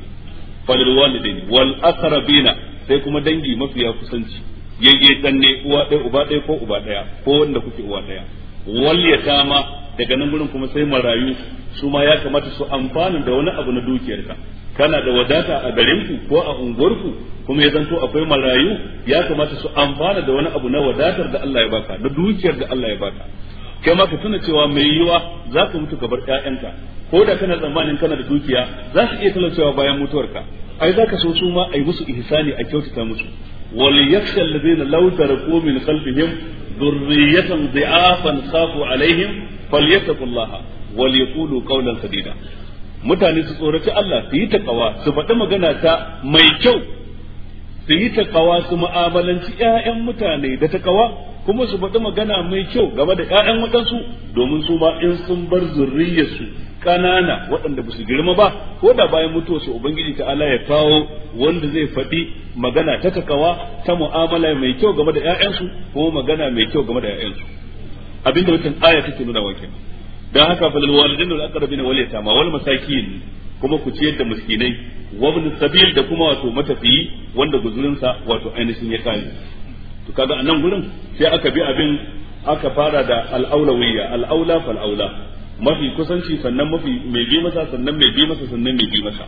falil walidaini wal aqrabina sai kuma dangi mafiya kusanci yayye dan ne uwa ɗaya uba ɗaya ko uba ɗaya ko wanda kuke uwa ɗaya wal tama daga nan gurin kuma sai marayu su ma ya kamata su amfana da wani abu na dukiyarka kana da wadata a garinku ko a unguwarku kuma ya zanto akwai marayu ya kamata su amfana da wani abu na wadatar da Allah ya baka da dukiyar da Allah ya baka kai ma ka tuna cewa mai yiwa za ka mutu ka bar ƴaƴanka ko da kana tsammanin kana da dukiya za su iya talaucewa bayan mutuwarka ai za ka so su ma ai musu ihsani a kyautata musu وليخشى الذين لو تركوا من خلفهم ذرية ضعافا خافوا عليهم فليتقوا الله وليقولوا قولا سديدا mutane su tsoraci Allah su yi takawa su faɗi magana ta mai kyau su yi takawa su mu'amalanci 'ya'yan mutane da takawa kuma su faɗi magana mai kyau game da 'ya'yan waɗansu domin su ma in sun bar zurriyarsu kanana waɗanda ba su girma ba ko da bayan mutuwarsu ubangiji ta ala ya kawo wanda zai faɗi magana ta takawa ta mu'amala mai kyau game da 'ya'yansu ko magana mai kyau game da 'ya'yansu abinda wancan aya take nuna wa kenan dan haka lil walidin wal aqrabina wal yatama wal masakin kuma ku ciyar da miskinai wa ibn sabil da kuma wato matafiyi wanda guzurinsa wato ainihin ya kare to kaga anan gurin sai aka bi abin aka fara da al-aulawiyya al-aula fal-aula mafi kusanci sannan mafi mai bi masa sannan mai bi masa sannan mai bi masa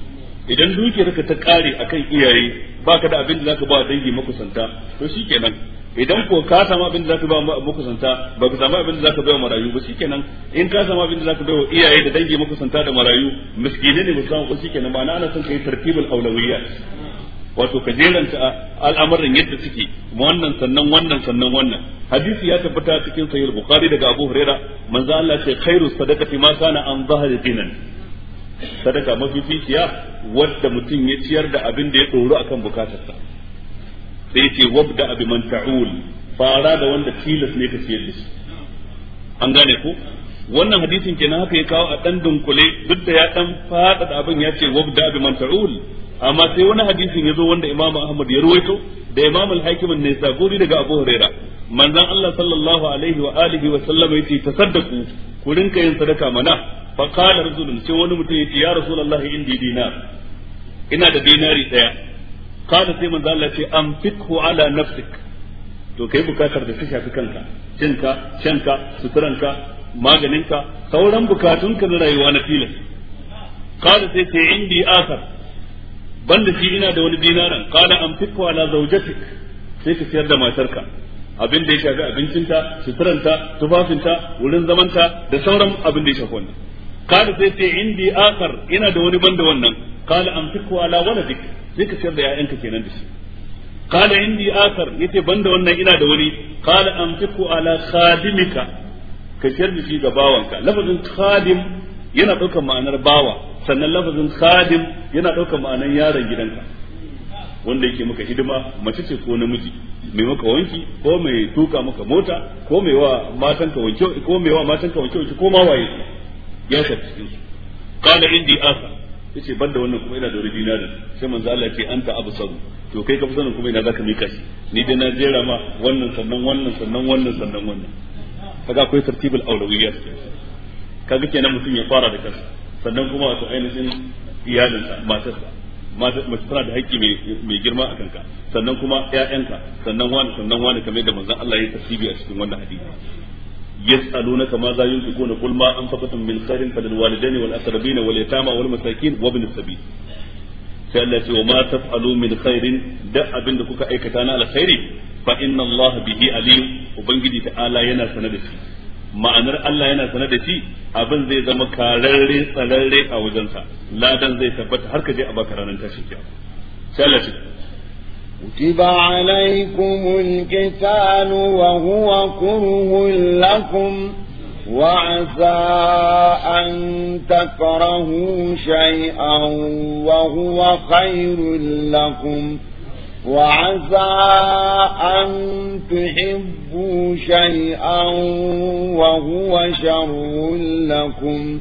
idan ka ta kare akan iyaye baka da abin da zaka ba dangi makusanta to shikenan idan ko ka samu abin da zaka ba makusanta ba ka samu abin da zaka bai marayu ba shikenan in ka samu abin da zaka bai iyaye da dangi makusanta da marayu miskine ne musamman ko shikenan ba na ana son kai tartibul aulawiyya wato ka jeranta al'amarin yadda suke wannan sannan wannan sannan wannan hadisi ya tabbata cikin sahih bukhari daga abu huraira manzo Allah ce khairu sadaqati ma kana an zahar dinan sadaka mafi fikiya wadda mutum ya ciyar da abin da ya tsoro akan bukatarsa sai ce wabda abi man ta'ul fara da wanda tilas ne ka ciyar da shi an gane ko wannan hadisin kenan haka ya kawo a dan dunkule duk da ya dan fada da abin ya ce wabda abi man ta'ul amma sai wani hadisin ya zo wanda Imam Ahmad ya ruwaito da Imam al-Hakim ne saburi daga Abu Huraira manzon Allah sallallahu alaihi wa alihi wa sallam yace tasaddaku ku rinka yin sadaka mana fa qala rajulun sai wani mutum yace ya rasulullahi indi dinar ina da dinari daya qala sai manzon Allah yace anfiqhu ala nafsik to kai bukatar da shi shafi kanka cinka cinka suturanka maganinka sauran bukatunka na rayuwa na filin qala sai ce indi asar ban da shi ina da wani dinaran qala amfiqhu ala zawjatik sai ka siyar da matarka abin da ya shafi abincinta suturanta tufafinta wurin zamanta da sauran abin da ya shafi wannan kada sai sai indi akar ina da wani banda wannan kala amsiku ala waladik sai ka ciyar da ƴaƴanka kenan da shi kala indi akar yace banda wannan ina da wani kala amsiku ala khadimika ka ciyar da shi ga bawanka lafazin khadim yana ɗaukar ma'anar bawa sannan lafazin khadim yana ɗaukar ma'anan yaron gidanka wanda yake maka hidima mace ce ko namiji mai maka wanki ko mai tuka maka mota ko mai wa matan ka wanke ko mai wa matan ka wanke wanke ko ma waye ya ka cikin su kana indi asa yace banda wannan kuma ina da wani dinarin sai manzo Allah ya ce anta absaru to kai ka fi sanin kuma ina zaka mika shi ni dai na jera ma wannan sannan wannan sannan wannan sannan wannan kaga akwai tartibul aulawiyat kaga kenan mutum ya fara da kansa sannan kuma wato ainihin iyalinsa matarsa mace tana da haƙƙi mai girma a kanka sannan kuma ƴaƴanka sannan wani sannan wani kamar da manzon Allah ya tasbihi a cikin wannan hadisi يسألونك ماذا ينفقون قل ما أنفقتم من خير فللوالدين والأقربين واليتامى والمساكين وابن السبيل sai Allah ce wa ma taf'alu min khairin da abinda kuka aikata na alkhairi fa inna Allah bihi alim ubangiji ta'ala yana sanar da shi ma'anar Allah yana sanar da shi abin zai zama kararre tsararre a wajensa ladan zai tabbata har ka je a baka ranar tashin kiyama sai Allah shi كتب عليكم القتال lakum wa لكم an أن تكرهوا شيئا وهو خير lakum. وعسى أن تحبوا شيئا وهو شر لكم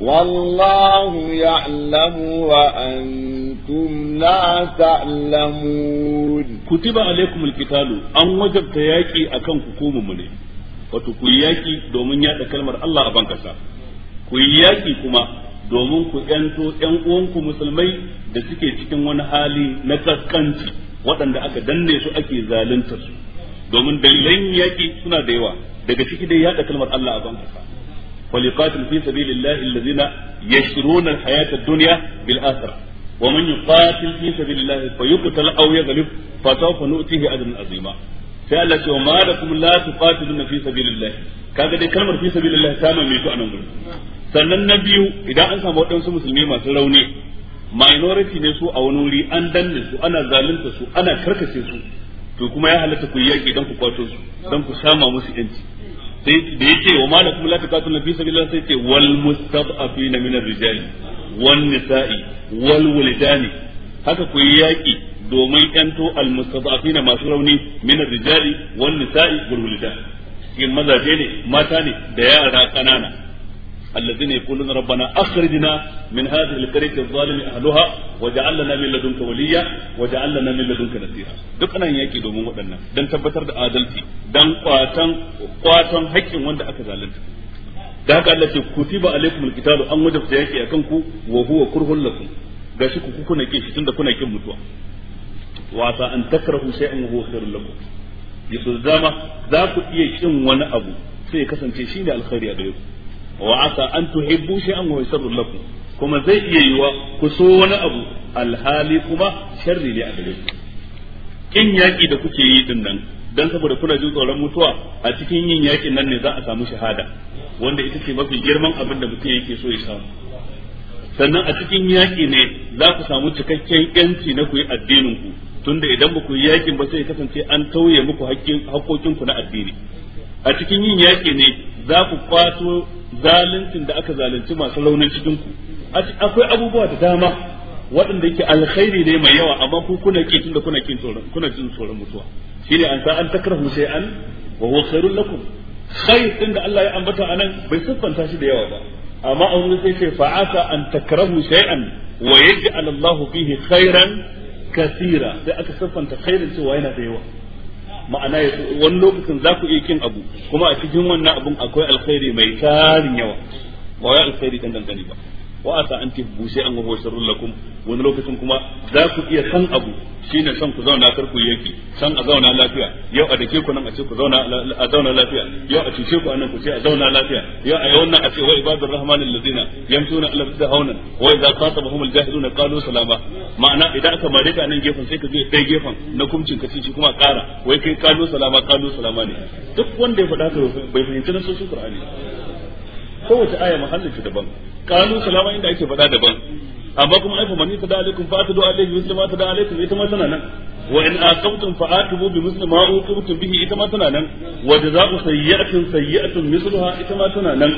والله يعلم وأنتم لا تعلمون كتب عليكم القتال أن وجب تياكي أكن حكوم منه وتكوياكي دومن يأتي كلمة الله أبنك كوياكي كما domin ku ‘yanto ‘yan uwanku musulmai da suke cikin wani hali na kaskanci. waɗanda aka danne su ake zaluntar su domin dalilan yaƙi suna da yawa daga ciki dai yaɗa kalmar Allah a banka فليقاتل في سبيل الله الذين يشرون الحياة الدنيا بالآخرة sai Allah ce ma la tuqatiluna fi kaga dai kalmar fi sabilillah ta mai mutu anan gurin sannan na biyu idan an samu waɗansu musulmi masu rauni minority ne su a wani wuri an danne su ana zalunta su ana karkace su to kuma ya halatta ku yaki dan ku kwato su dan ku sama musu yanci sai da yake wa malakum la sallallahu alaihi wasallam sai ce wal mustad'afin min ar-rijali wan nisa'i wal wuldani haka ku yaki domin to al mustad'afin masu rauni min ar-rijali wan nisa'i wal wuldani in mazaje ne mata ne da yara kanana الذين يقولون ربنا أخرجنا من هذه القرية الظالم أهلها واجعل لنا من لدنك وليا واجعل لنا من لدنك duk anan yake domin tabbatar da adalci don kwatan kwatan haƙƙin wanda aka zalunta da haka Allah ce kutiba alaikum alkitabu an wajabta yaki akan ku wa huwa kurhun lakum gashi ku kuna kin shi tunda kuna kin mutuwa an takrahu shay'an huwa khairul lakum za ku iya kin wani abu sai kasance shine alkhairi a gare ku wa asa an tuhibbu shay'an wa yusarru lakum kuma zai iya yiwa ku so wani abu alhali kuma sharri ne a gare ku kin yaki da kuke yi din nan dan saboda kuna jin tsoron mutuwa a cikin yin yakin nan ne za a samu shahada wanda ita ce mafi girman abin da mutum yake so ya samu sannan a cikin yaki ne za ku samu cikakken yanci na ku yi addinin ku tunda idan ba ku yi yakin ba sai kasance an tauye muku hakkokin ku na addini a cikin yin yaki ne za ku kwato zaluncin da aka zalunci masu raunin cikin ku akwai abubuwa da dama waɗanda yake alkhairi ne mai yawa amma ku kuna ki tunda kuna kin tsoron kuna jin tsoron mutuwa shine an sa an takrahu shay'an wa huwa khairul lakum khair din da Allah ya ambata anan bai siffanta shi da yawa ba amma a wurin sai ce fa'asa an takrahu shay'an wa yaj'al Allahu fihi khairan kathira sai aka siffanta khairin cewa yana da yawa ma'ana ya wani lokacin za ku iya kin abu kuma a cikin wannan abun akwai alkhairi mai tarin yawa ba wai alkhairi dan dangane ba wa asa an tibbu sai an wa sharrul lakum wani lokacin kuma za ku iya san abu shine san ku zauna kar ku yaki san a zauna lafiya yau a dake ku nan a ce ku zauna a zauna lafiya yau a cuce ku anan ku ce a zauna lafiya yau a yau nan a ce wa ibadur rahman allazina yamtuna ala fir'auna wa idza qatabahum aljahilun qalu salama ma'ana idan aka mare ka nan gefen sai ka je dai gefen na kumcin ka ci kuma ƙara wai kai qalu salama qalu salama ne duk wanda ya faɗa ka bai fahimci su qur'ani kowace aya mahallin shi daban kalu salama inda ake faɗa daban amma kuma ai famani ta da alaikum fa ta do alaihi muslima ta da alaikum ita ma tana nan wa in aqabtum fa atubu bi misli ma uqibtum bihi ita ma tana nan wa jazaa'u sayyi'atin sayyi'atun misluha ita ma tana nan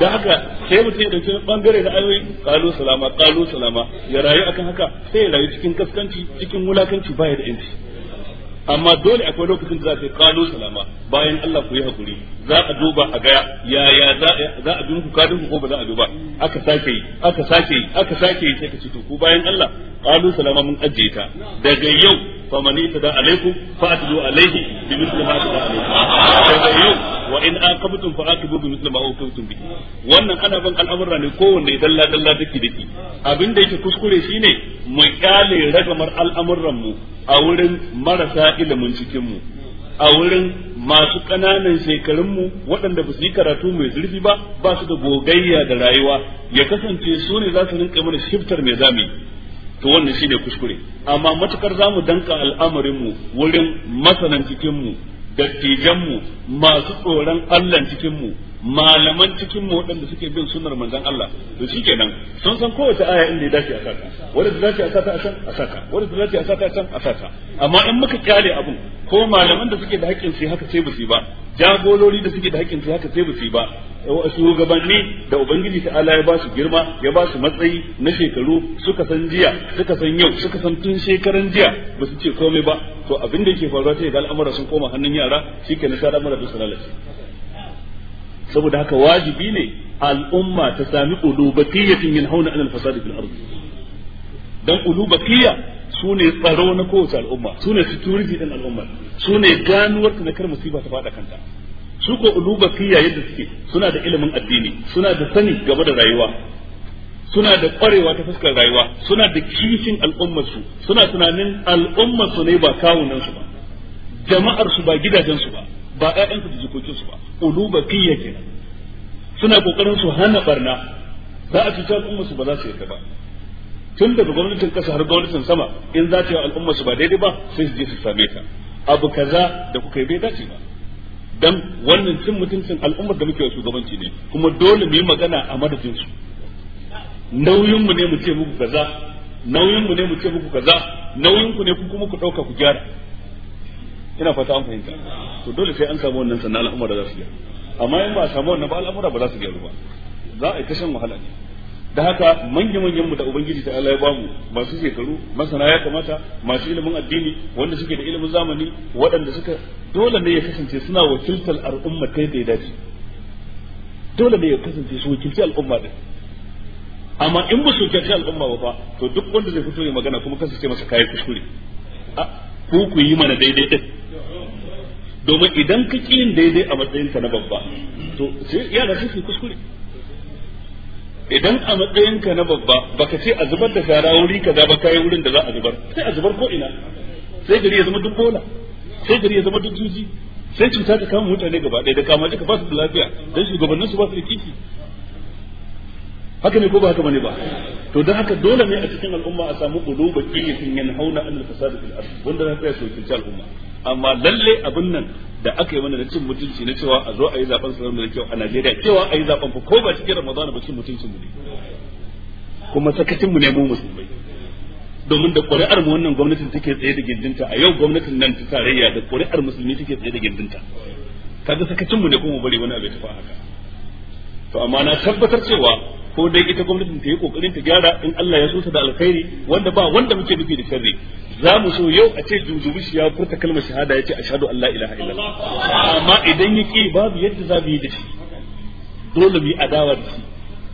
da haka sai mutum ya dauki bangare da ayoyi kalu salama kalu salama ya rayu akan haka sai ya rayu cikin kaskanci cikin wulakanci baya da inci amma dole akwai lokacin da za ta kalo salama bayan Allah ku yi hakuri za a duba a ga yaya za a bin ku kadin ko ba za a duba aka sake yi aka sake yi aka sake yi sai ka ci to ku bayan Allah kalo salama mun ajiye ta daga yau فمن اعتدى عليكم فاعتدوا عليه بمثل ما اعتدى عليكم يوم وان عاقبتم فعاقبوا بمثل ما عوقبتم به wannan ana ban al'amuran ne kowanne dalla dalla dake dake abin da yake kuskure shine mu kyale ragamar al'amuran mu a wurin marasa ilimin cikin mu a wurin masu ƙananan mu waɗanda ba su yi karatu mai zurfi ba ba su da gogayya da rayuwa ya kasance su ne za su rinka mana shiftar mai zami to wannan shine kuskure amma matukar zamu danka al'amarin mu wurin masanan cikin mu dattijan mu masu tsoron Allah cikin mu malaman cikin mu waɗanda suke bin sunnar manzon Allah to shikenan sun san kowace aya inda ya dace a saka wanda da dace a saka a san a saka wanda da dace a saka a san a saka amma in muka kyale abu, ko malaman da suke da haƙƙin su haka sai busi ba jagorori da suke da haƙƙin su haka sai busi ba shugabanni da ubangiji ta Allah ya ba su girma ya ba su matsayi na shekaru suka san jiya suka san yau suka san tun shekaran jiya ba su ce komai ba to abin da yake faruwa sai ga al'amura sun koma hannun yara shikenan sai al'amura su lalace saboda haka wajibi ne al'umma ta sami ulubakiyatin yanhauna anil fasadi fil ardi dan ulubakiya sune tsaro na kowace al'umma sune security din al'umma sune ganuwar ta na kar musiba ta fada kanta su ko ulubakiyya yadda suke suna da ilimin addini suna da sani game da rayuwa suna da kwarewa ta fuskar rayuwa suna da kishin al'ummarsu suna tunanin al'ummarsu ne ba kawunan su ba jama'ar su ba gidajen su ba ba ƴaƴansu da jikokinsu ba uluba qiyya kenan suna kokarin su hana barna za a cuci al'umma su ba za su yarda ba tun daga gwamnatin kasa har gwamnatin sama in za ta yi al'umma su ba daidai ba sai su je su same ta abu kaza da kuka yi bai dace ba dan wannan cin mutuncin al'ummar da muke shugabanci ne kuma dole mu yi magana a madadin su nauyin mu ne mu ce nauyin mu ne mu ce muku kaza nauyin ku ne ku kuma ku dauka ku gyara ina fata an fahimta to dole sai an samu wannan sannan al'amura za su yi amma in ba a samu wannan ba al'amura ba za su gyaru ba za a yi kashin wahala ne da haka manyan manyan mu da ubangiji ta Allah ya bamu masu shekaru masana ya kamata masu ilimin addini wanda suke da ilimin zamani waɗanda suka dole ne ya kasance suna wakiltar al'umma ta yadda ya dace dole ne ya kasance su wakilci al'umma da amma in ba su wakilci al'umma ba to duk wanda zai fito ne magana kuma kansa ce masa kayan kuskure ku ku yi mana daidai din domin idan ka ki yin daidai a matsayin ka na babba to sai yana su su kuskure idan a matsayin ka na babba baka ce a zubar da shara wuri kaza ba kai wurin da za a zubar sai a zubar ko ina sai gari ya zama duk bola sai gari ya zama duk juji sai cuta ta kama mutane gaba ɗaya da kama ka ba su da lafiya dan shugabannin su ba su da kishi haka ne ko ba haka bane ba to dan haka dole ne a cikin al'umma a samu quluba qiyatin yanhauna anil fasad fil ard wanda na tsaya su cikin al'umma amma lalle abin nan da aka yi mana da cin mutunci na cewa a zo a yi zaben sanar da kyau a Najeriya cewa a yi zaben fa ko ba cikin Ramadan ba cin mutuncin mu ne kuma sakacin mu ne mu musulmai domin da ƙuri'ar mu wannan gwamnatin take tsaye da gindinta a yau gwamnatin nan ta tarayya da ƙuri'ar musulmi take tsaye da gindinta kaga sakacin mu ne kuma bari wani abu ta fa haka to amma na tabbatar cewa ko dai ita gwamnatin ta yi kokarin ta gyara in Allah ya so da alkhairi wanda ba wanda muke nufi da sharri za mu so yau a ce shi ya furta kalmar shahada ya ce ashhadu an la ilaha illallah amma idan ya ki babu yadda za mu yi da shi dole mu yi adawa da shi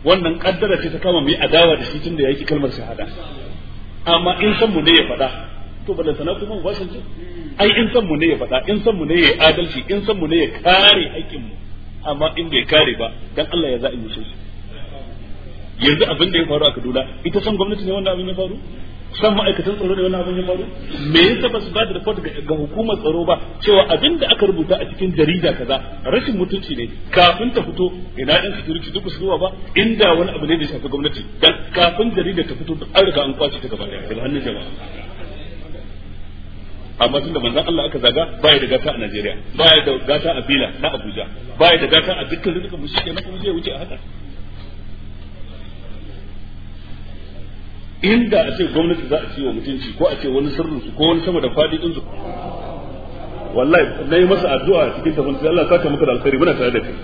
wannan kaddara ce ta kama mu yi adawa da shi tunda yake kalmar shahada amma in san mu ne ya faɗa to ba da sana kuma ba shi ai in san mu ne ya faɗa in san mu ne ya adalci in san mu ne ya kare haƙƙin mu amma in bai kare ba dan Allah ya za'i mu shi yanzu abin da ya faru a Kaduna ita san gwamnati ne wanda abin ya faru san ma'aikatan tsaro ne wanda abin ya faru me yasa ba su ba da report ga hukumar tsaro ba cewa abin da aka rubuta a cikin jarida kaza rashin mutunci ne kafin ta fito ina ɗan security duk su zuwa ba inda wani abu ne da shafi gwamnati dan kafin jarida ta fito an riga an kwace ta gaba daga hannun jama'a amma tunda manzon Allah aka zaga baya da gata a Najeriya baya da gata a Bila na Abuja baya da gata a dukkan rikin mushi kenan kuma zai wuce a haka inda a ce gwamnati za a ce wa mutunci ko a ce wani sirrin su ko wani sama da fadi din su wallahi na yi masa addu'a cikin tafin sai Allah saka maka da alkhairi muna tare da kai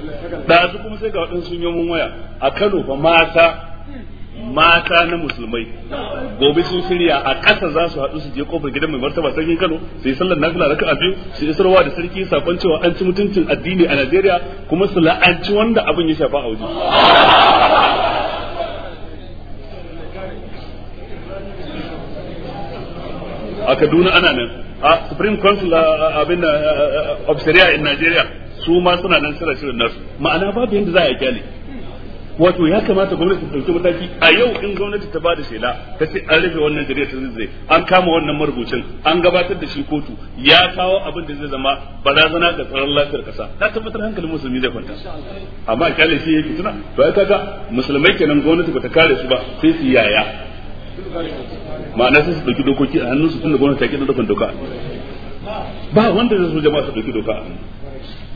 da su kuma sai ga wadansu sun yi mun waya a Kano fa mata mata na musulmai gobe sun shirya a ƙasa za su haɗu su je kofar gidan mai martaba sarkin Kano su yi sallar nafila a biyu su isarwa da sarki sakon cewa an ci mutuncin addini a Najeriya kuma su la'anci wanda abin ya shafa a waje a Kaduna ana nan a Supreme Council abin da Sharia in Nigeria su ma suna nan suna shirin nasu ma'ana babu yadda za a kyale wato ya kamata gwamnati ta dauki mataki a yau in gwamnati ta ba da shela ta ce an rufe wannan jariya ta zai an kama wannan marubucin an gabatar da shi kotu ya kawo abin da zai zama barazana ga tsaron lafiyar kasa ta tabbatar hankalin musulmi zai kwanta amma kyale shi yake tuna to ai kaga musulmai kenan gwamnati ta kare su ba sai su yaya ma'ana sai su dauki dokoki a hannun su tun da gwamnati ta kida daukan doka ba wanda zai so jama'a su dauki doka a hannu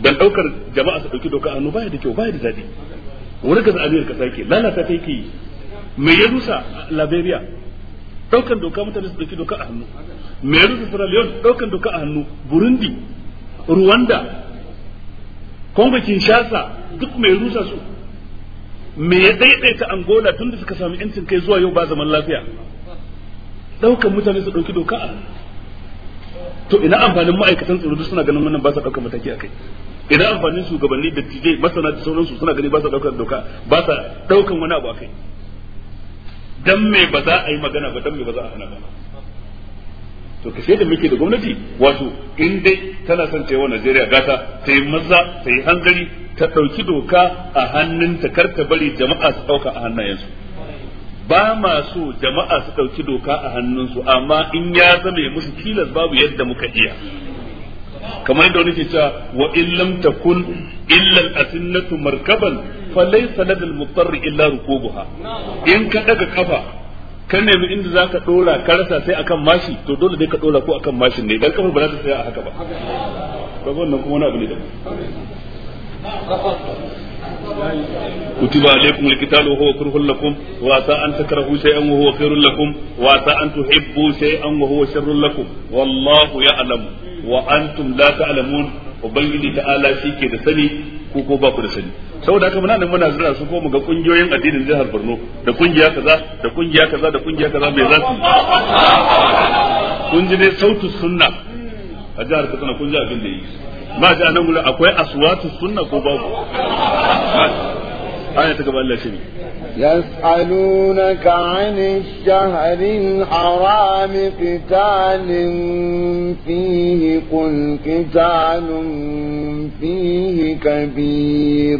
dan daukar jama'a su dauki doka a hannu baya da kyau baya da dadi wurin gaza aliyar kasa yake lalata ta yake me ya rusa Liberia daukan doka mutane su dauki doka a hannu me ya rusa Sierra Leone daukan doka a hannu Burundi Rwanda kongo Kinshasa duk mai rusa su me ya daidaita Angola tun da suka sami yancin kai zuwa yau ba zaman lafiya daukan mutane su dauki doka a to ina amfanin ma'aikatan tsaro duk suna ganin wannan ba sa daukar mataki akai ina amfanin shugabanni da tije masana da su suna ganin ba sa daukar doka ba sa daukan wani abu akai dan me ba za a yi magana ba dan me ba za a hana ba to ka da muke da gwamnati wato in dai tana son cewa Najeriya gata ta yi maza ta yi hanzari ta ɗauki doka a hannunta kar ta bari jama'a su ɗauka a hannayensu ba ma so jama'a su ɗauki doka a hannunsu amma in ya zame musu tilas babu yadda muka iya kamar yadda wani ke cewa wa in takun illa al-asinnatu markaban fa laysa ladal mutarri illa rukubuha in ka daga kafa ka nemi inda zaka dora ka rasa sai akan mashi to dole ne ka dora ko akan mashin ne dan kafa ba za ta tsaya a haka ba ba wannan kuma wani abu ne da كتب عليكم القتال وهو كره لكم وعسى ان تكرهوا شيئا وهو خير لكم وعسى ان تحبوا شيئا وهو شر لكم والله يعلم وانتم لا تعلمون ubangiji تعالى shi ke سني sani ko ko ba ku saboda haka muna nan muna zira su ko mu ga kungiyoyin addinin jihar Borno da kungiya kaza da kungiya kaza da kungiya kaza mai za su kun ji dai sautu sunna a jihar Katsina kun ji abin da yi ma ji anan gurin akwai aswatu sunna ko babu aya ta gaba Allah shi يسألونك عن الشهر الحرام قتال فيه قل قتال فيه كبير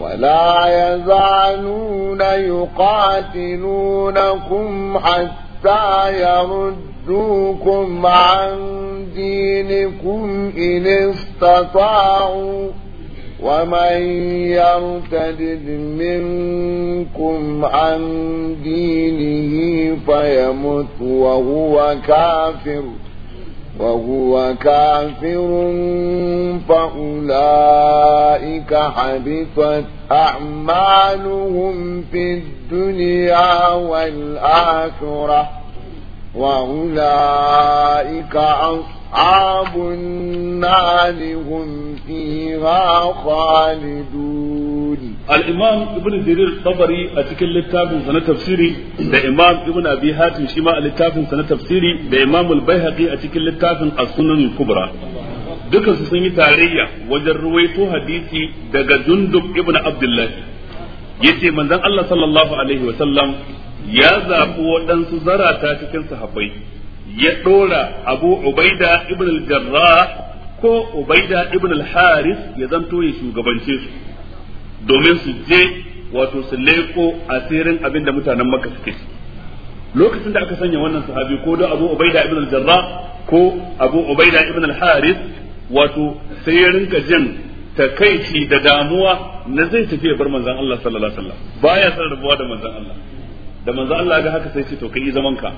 ولا يزالون يقاتلونكم حتى يردوكم عن دينكم إن استطاعوا ومن يرتد منكم عن دينه فيمت وهو كافر وهو كافر فأولئك حبطت أعمالهم في الدنيا والآخرة وأولئك أصحاب النار هم فيها خالدون al-imam ibn jarir tabari a cikin littafin sa na tafsiri da imam ibn abi hatim shi ma a littafin sa na tafsiri da imam al-baihaqi a cikin littafin as-sunan al-kubra dukan su sun yi tarayya wajen ruwaito hadisi daga jundub ibn abdullah yace manzon Allah sallallahu alaihi wa sallam ya zabi waɗansu zarata cikin sahabbai ya dora Abu Ubaida ibn al-Jarrah ko Ubaida ibn al-Haris ya zanto ya shugabance su domin su je wato su leko asirin abin da mutanen maka suke lokacin da aka sanya wannan sahabi ko da abu ubaida ibn al jarra ko abu ubaida ibn al harith wato sai ya rinka jin takaici da damuwa na zai tafi bar manzon Allah sallallahu alaihi wasallam baya son da manzon Allah da manzon Allah ga haka sai ce to kai zaman ka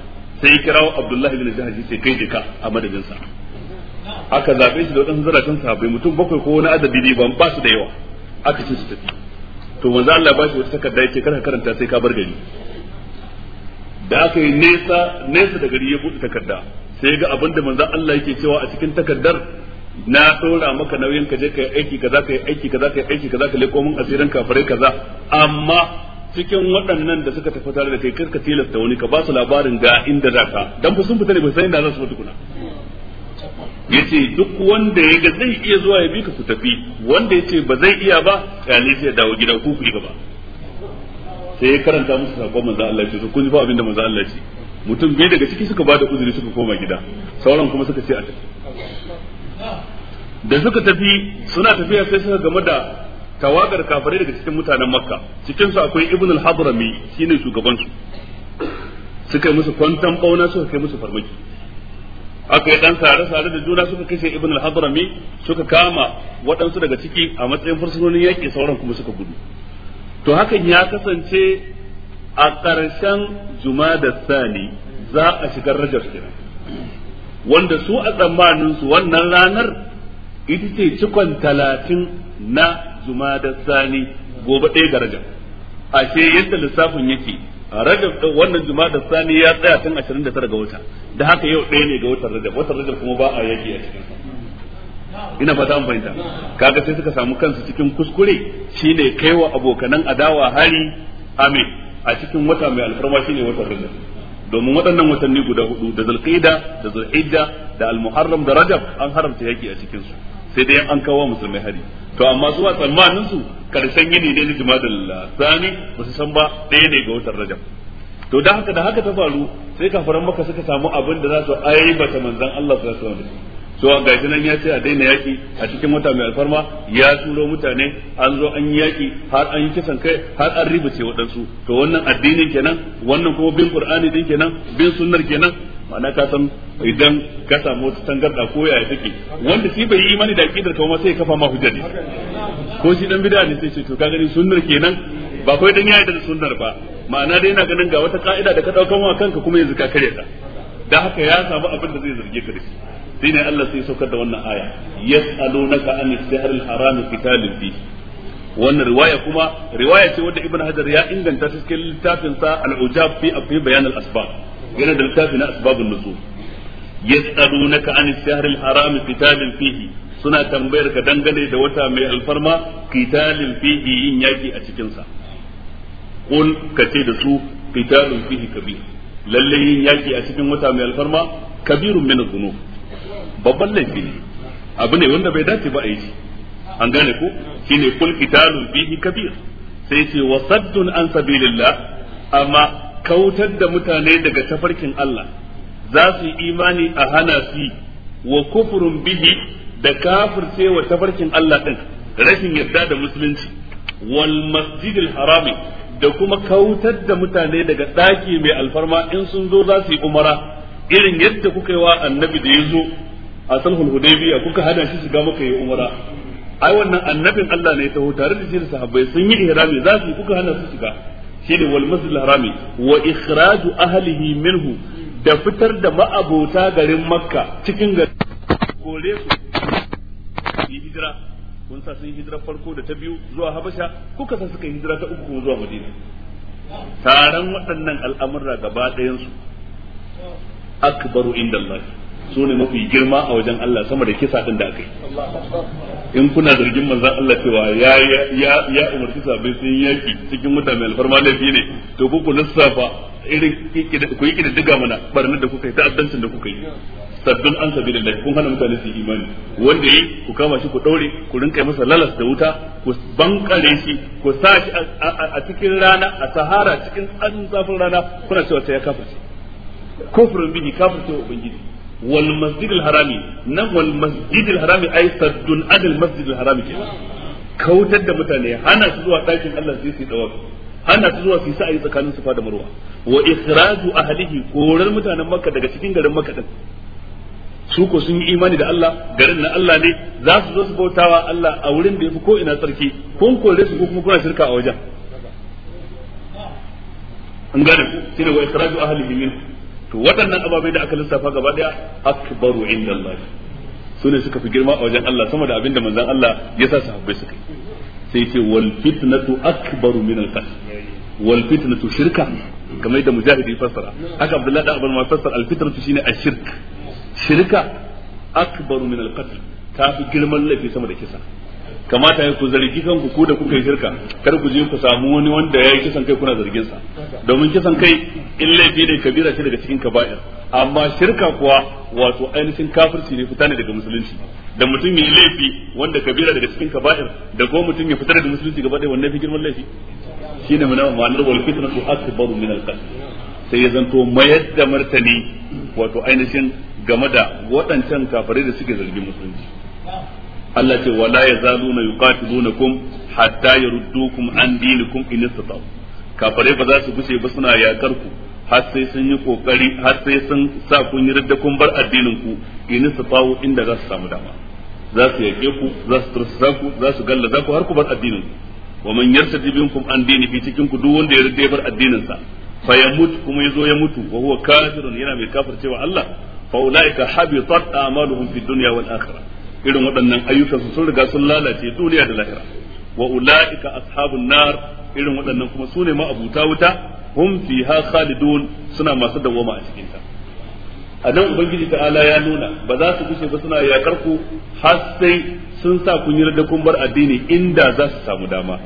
sai kirawo Abdullahi ibn Jahaji sai kai jika a madadin sa aka zabe shi da wadansu zaratan sahabbai mutum bakwai ko wani adadi ne ban ba su da yawa aka ce su tafi to manzo Allah ba shi wata takarda yace kana karanta sai ka bar gari da aka yi nesa nesa da gari ya buɗe takarda sai ga abin da manzo Allah yake cewa a cikin takardar na dora maka nauyin ka je kai aiki kaza kai aiki kaza kai aiki kaza ka leko mun asirin kafirai kaza amma cikin waɗannan da suka tafi tare da kai karka tilasta wani ka ba su labarin ga inda za zaka dan fa sun fita ne ba sai inda za su mutu yace duk wanda yaga zai iya zuwa ya bi ka ku tafi wanda yace ba zai iya ba ne sai dawo gida ku ku gaba sai ya karanta musu sakon manzo Allah ce kun ji ba abinda manzo Allah ce mutum bai daga ciki suka bada uzuri suka koma gida sauran kuma suka ce a tafi da suka tafi suna tafiya sai suka game da tawagar kafare daga cikin mutanen makka cikin su akwai ibn al-hadrami shine shugaban su suka yi musu kwantan bauna suka kai musu farmaki aka yi dan sare sare da juna suka kashe ibn al-hadrami suka kama waɗansu daga ciki a matsayin fursunonin yaƙi sauran kuma suka gudu to hakan ya kasance a ƙarshen jumada sani za a shigar rajab kenan wanda su a tsammanin su wannan ranar ita ce cikon talatin na jumada sani gobe ɗaya ga rajab ashe yadda lissafin yake rajab wannan juma'a sani ya tsaya tun 29 ga wata da haka yau ɗaya ne ga watan rajab watan rajab kuma ba a yaki a cikin ina fata an fahimta kaga sai suka samu kansu cikin kuskure shine kaiwa abokanan adawa hari amin a cikin wata mai alfarma shine watan rajab domin waɗannan watanni guda hudu da zulqa'ida da zulhijja da almuharram da rajab an haramta yaki a cikin su sai dai an kawo musulmai hari to amma zuwa tsammanin su karshen yini ne na jima'a da sani ba su san ba ɗaya ne ga watan rajab to da haka da haka ta faru sai kafaran maka suka samu abin da za su aibata manzan Allah sallallahu alaihi wasallam to a shi nan ya ce a daina yaki a cikin wata mai alfarma ya turo mutane an zo an yaki har an yi kisan kai har an ribace waɗansu to wannan addinin kenan wannan kuma bin qur'ani din kenan bin sunnar kenan ma'ana ka san idan ka samu wata tangarda ko yaya take wanda shi bai yi imani da aqidar kuma sai kafa ma hujja ne ko shi dan bid'a ne sai ce to ka gani sunnar kenan ba kai dan yayi da sunnar ba ma'ana dai yana ganin ga wata ka'ida da ka dauka ma kanka kuma yanzu ka kare ta da haka ya samu abin da zai zarge ka da shi sai ne Allah sai saukar da wannan aya yas'alunaka anis sihril haram qitalin fi wannan riwaya kuma riwaya ce wanda ibn hajar ya inganta cikin littafin sa al-ujab fi bayan al-asbab yana da littafi na asbabun nuzul yas'alunaka anis shahril haram qitalin fihi suna tambayar ka dangane da wata mai alfarma qitalin fihi yin yaki a cikin sa qul kace da su qitalin fihi kabir lalle yin yaki a cikin wata mai alfarma kabirun min dhunub babban laifi ne abu ne wanda bai dace ba a yi shi an gane ko shine kul qitalun fihi kabir sai ce wa saddun an sabilillah amma kautar da mutane daga tafarkin Allah za su yi imani a hana su wa kufurin bihi da kafirce wa tafarkin Allah ɗin, rashin yarda da musulunci wal masjidil harami da kuma kautar da mutane daga ɗaki mai alfarma in sun zo za su yi umara irin yadda kuka yi wa annabi da ya zo a sulhul hudaybiya kuka hana shi shiga maka yi umara ai wannan annabin Allah ne taho tare da shi da sahabbai sun yi ihrami za su kuka hana su shiga shine wal masjidil harami wa ikhraju ahlihi minhu da fitar da ma'abota garin makka cikin garin. kore su yi hijira kun sa sun hijira farko da ta biyu zuwa habasha kuka sa suka hijira ta uku zuwa madina taron waɗannan al'amurra gaba ɗayansu akbaru inda Allah su ne mafi girma a wajen Allah sama da kisa din da aka yi in kuna zargin manzan Allah cewa ya ya ya umarci sabai sun yaki cikin mutane mai alfarma laifi ne to ku ku lissafa irin ku yi kididdiga mana barnar da kuka yi ta'addancin da kuka yi sabbin an sabi da kun hana mutane su imani wanda yi ku kama shi ku ɗaure ku rinka masa lalas da wuta ku bankare shi ku sa shi a cikin rana a sahara cikin an zafin rana kuna cewa ta ya shi kofurin bihi kafirce ubangiji wal masjidil harami nan wal masjidil harami ai saddun adal masjidil harami kenan kautar da mutane hana su zuwa dakin Allah su yi dawafi hana su zuwa su yi sa'ayi tsakanin su da marwa wa ikhraju ahlihi mutanen makka daga cikin garin makka din su ko sun yi imani da Allah garin na Allah ne za su zo su bautawa Allah a wurin da yafi ko ina sarki kun kore su ko kuma kuna shirka a wajen an gane shi ne wa ikhraju ahlihi to waɗannan ababai da aka lissafa gaba daya akbaru inda Allah su ne suka fi girma a wajen Allah sama da abinda manzon Allah ya sa sahabbai suka yi sai ce wal fitnatu akbaru min al qatl wal fitnatu shirka kamar yadda mujahidi fassara haka abdullahi da ma fassara al fitnatu shine ashirk shirka akbaru min al qatl ta fi girman laifi sama da kisa kamata ya ku zargi kanku ku da kuka yi shirka kar ku je ku samu wani wanda ya yi kisan kai kuna zargin sa domin kisan kai in laifi ne kabira shi daga cikin kaba'ir amma shirka kuwa wato ainihin kafirci ne fita ne daga musulunci da mutum ya yi laifi wanda kabira daga cikin kaba'ir da ko mutum ya fitar da musulunci gaba ɗaya wannan fi girman laifi shi shine muna ma'anar wal fitnatu babu min al sai ya zanto mayar da martani wato ainihin game da waɗancan kafirai da suke zargin musulunci Allah ce wala yazaluna yuqatilunakum hatta yaruddukum an dinikum in istata'u kafare ba za su gushe ba suna yakar ku har sai sun yi kokari har sai sun sa kun yi kun bar addinin ku in istata'u inda za su samu dama za su yake ku za su tursa ku za su gallaza ku har ku bar addinin ku wa man yartadi minkum an dinihi cikin ku duk wanda ya radda bar addinin sa fa yamut kuma yazo ya mutu wa huwa kafirun yana mai kafircewa Allah fa ulaika habitat a'maluhum fid dunya wal akhirah irin waɗannan ayyukan su sun riga sun lalace duniya da lahira wa ulaika ashabun nar irin waɗannan kuma su ne ma'abuta wuta hum fiha khalidun suna masu dawwama a cikin ta anan ubangiji ubangiji ta'ala ya nuna ba za su gushe ba suna yakar ku har sai sun sa kun yi da kun bar addini inda za su samu dama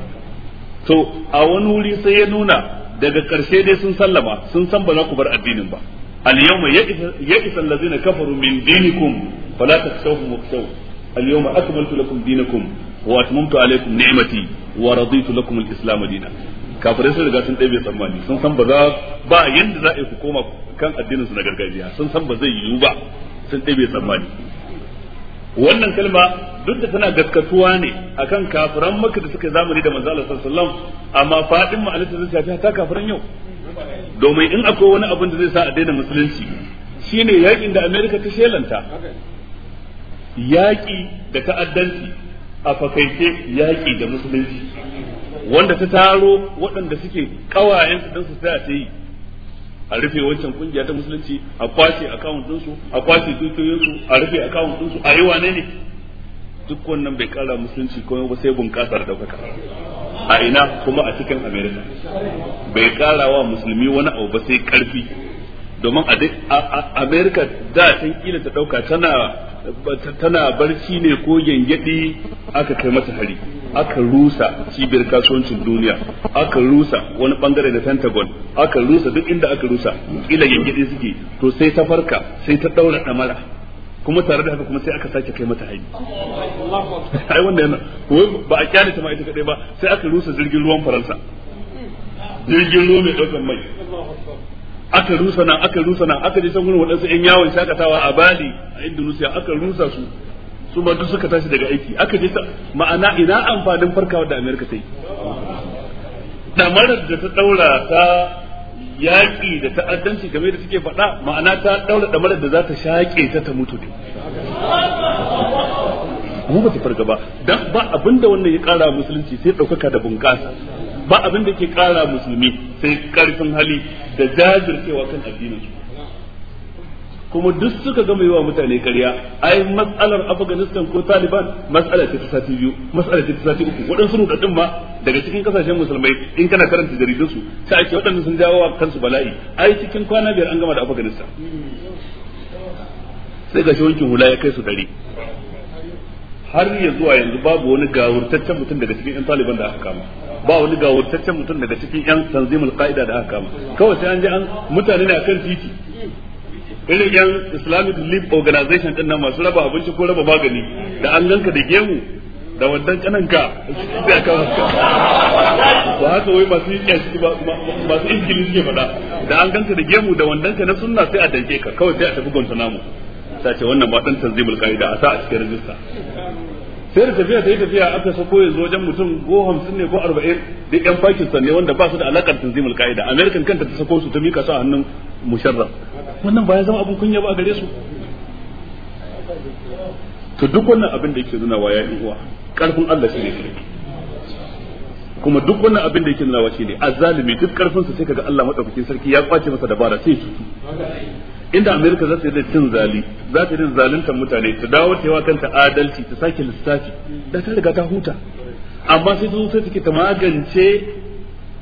to a wani wuri sai ya nuna daga karshe dai sun sallama sun san ba za ku bar addinin ba al yawma ya allazina kafaru min dinikum fala taksawhum waksawhum al-yawma akmaltu lakum dinakum wa atmamtu alaykum ni'mati wa raditu lakum al riga sun ɗabe tsammani sun san ba za ba yi hukuma kan addinin su na gargajiya sun san zai yiwu ba sun tsammani wannan kalma duk da tana gaskatuwa ne akan kafiran maka da suka zamani da manzo Allah sallallahu alaihi wasallam amma fadin ma'anarta zai shafi hatta kafiran yau domin in akwai wani abin da zai sa a daina musulunci shine yakin da America ta shelanta yaƙi da ta'addanci a fakaice yaƙi da musulunci wanda ta taro waɗanda suke ƙawayen su su sai a ta yi a rufe wancan kungiya ta musulunci a kwashe akawun ɗinsu a kwashe dukiyoyinsu a rufe akawun ɗinsu a yi wane ne duk wannan bai kara musulunci kuma ba sai bunƙasar ɗaukaka a ina kuma a cikin america bai kara wa musulmi wani abu ba sai ƙarfi domin a duk america da can kila ta ɗauka tana tana barci ne ko gyangyaɗi aka kai mata hari aka rusa cibiyar kasuwancin duniya aka rusa wani bangare da pentagon aka rusa duk inda aka rusa kila gyangyaɗi suke to sai ta farka sai ta ɗaura ɗamara kuma tare da haka kuma sai aka sake kai mata hari ai wanda yana ba a kyale ta ma ita kadai ba sai aka rusa jirgin ruwan faransa jirgin ruwa mai ɗaukar mai aka rusa nan aka rusa nan aka je can gurin waɗansu ƴan yawon shakatawa a Bali a Indonesia aka rusa su su ma duk suka tashi daga aiki aka je ma'ana ina amfanin farkawa da Amerika ta yi damarar da ta daura ta yaƙi da ta'addanci game da suke faɗa ma'ana ta daura damarar da za ta shaƙe ta ta mutu ne mu ba ta farga ba dan ba abinda wannan ya ƙara musulunci sai ɗaukaka da bunƙasa ba abin da ke kara musulmi sai karfin hali da jajircewa kan addinin su kuma duk suka gama yi wa mutane karya ai matsalar afghanistan ko taliban matsala ce ta sati biyu matsala ce ta sati uku waɗansu rudaddin ma daga cikin kasashen musulmai in kana karanta jaridun su sai ake waɗanda sun jawo wa kansu bala'i ai cikin kwana biyar an gama da afghanistan sai ga wankin hula ya kai su dari har ya zuwa yanzu babu wani gawurtaccen mutum daga cikin yan taliban da aka kama ba wani gawurtaccen mutum daga cikin yan tanzimul qaida da aka kama kawai sai an ji an mutane ne akan titi irin yan islamic relief organization din nan masu raba abinci ko raba magani da an ganka da gemu da wannan kananka da aka kama ba haka wai masu masu ingili suke faɗa da an ganka da gemu da wannan ka na sunna sai a danke ka kawai sai a tafi gonta namu sace wannan ba dan tanzimul qaida a sa a cikin rajista sai tafiya ta yi tafiya aka so ko ya zo wajen mutum ko hamsin ne ko arba'in duk yan pakistan ne wanda ba su da alakar tanzimul ka'ida american kanta ta sako su ta mika su a hannun musharraf wannan ba ya zama abin kunya ba a gare su to duk wannan abin da yake nuna wa ya uwa karfin Allah shi ne kuma duk wannan abin da yake nuna wa shi ne azzalimi duk karfin sa sai kaga Allah madaukakin sarki ya kwace masa dabara sai su inda amerika za ta yi cin zali za ta yi zaluntar mutane ta dawo ta yawa kanta adalci ta sake lissafi da ta riga ta huta amma sai ta zo ta magance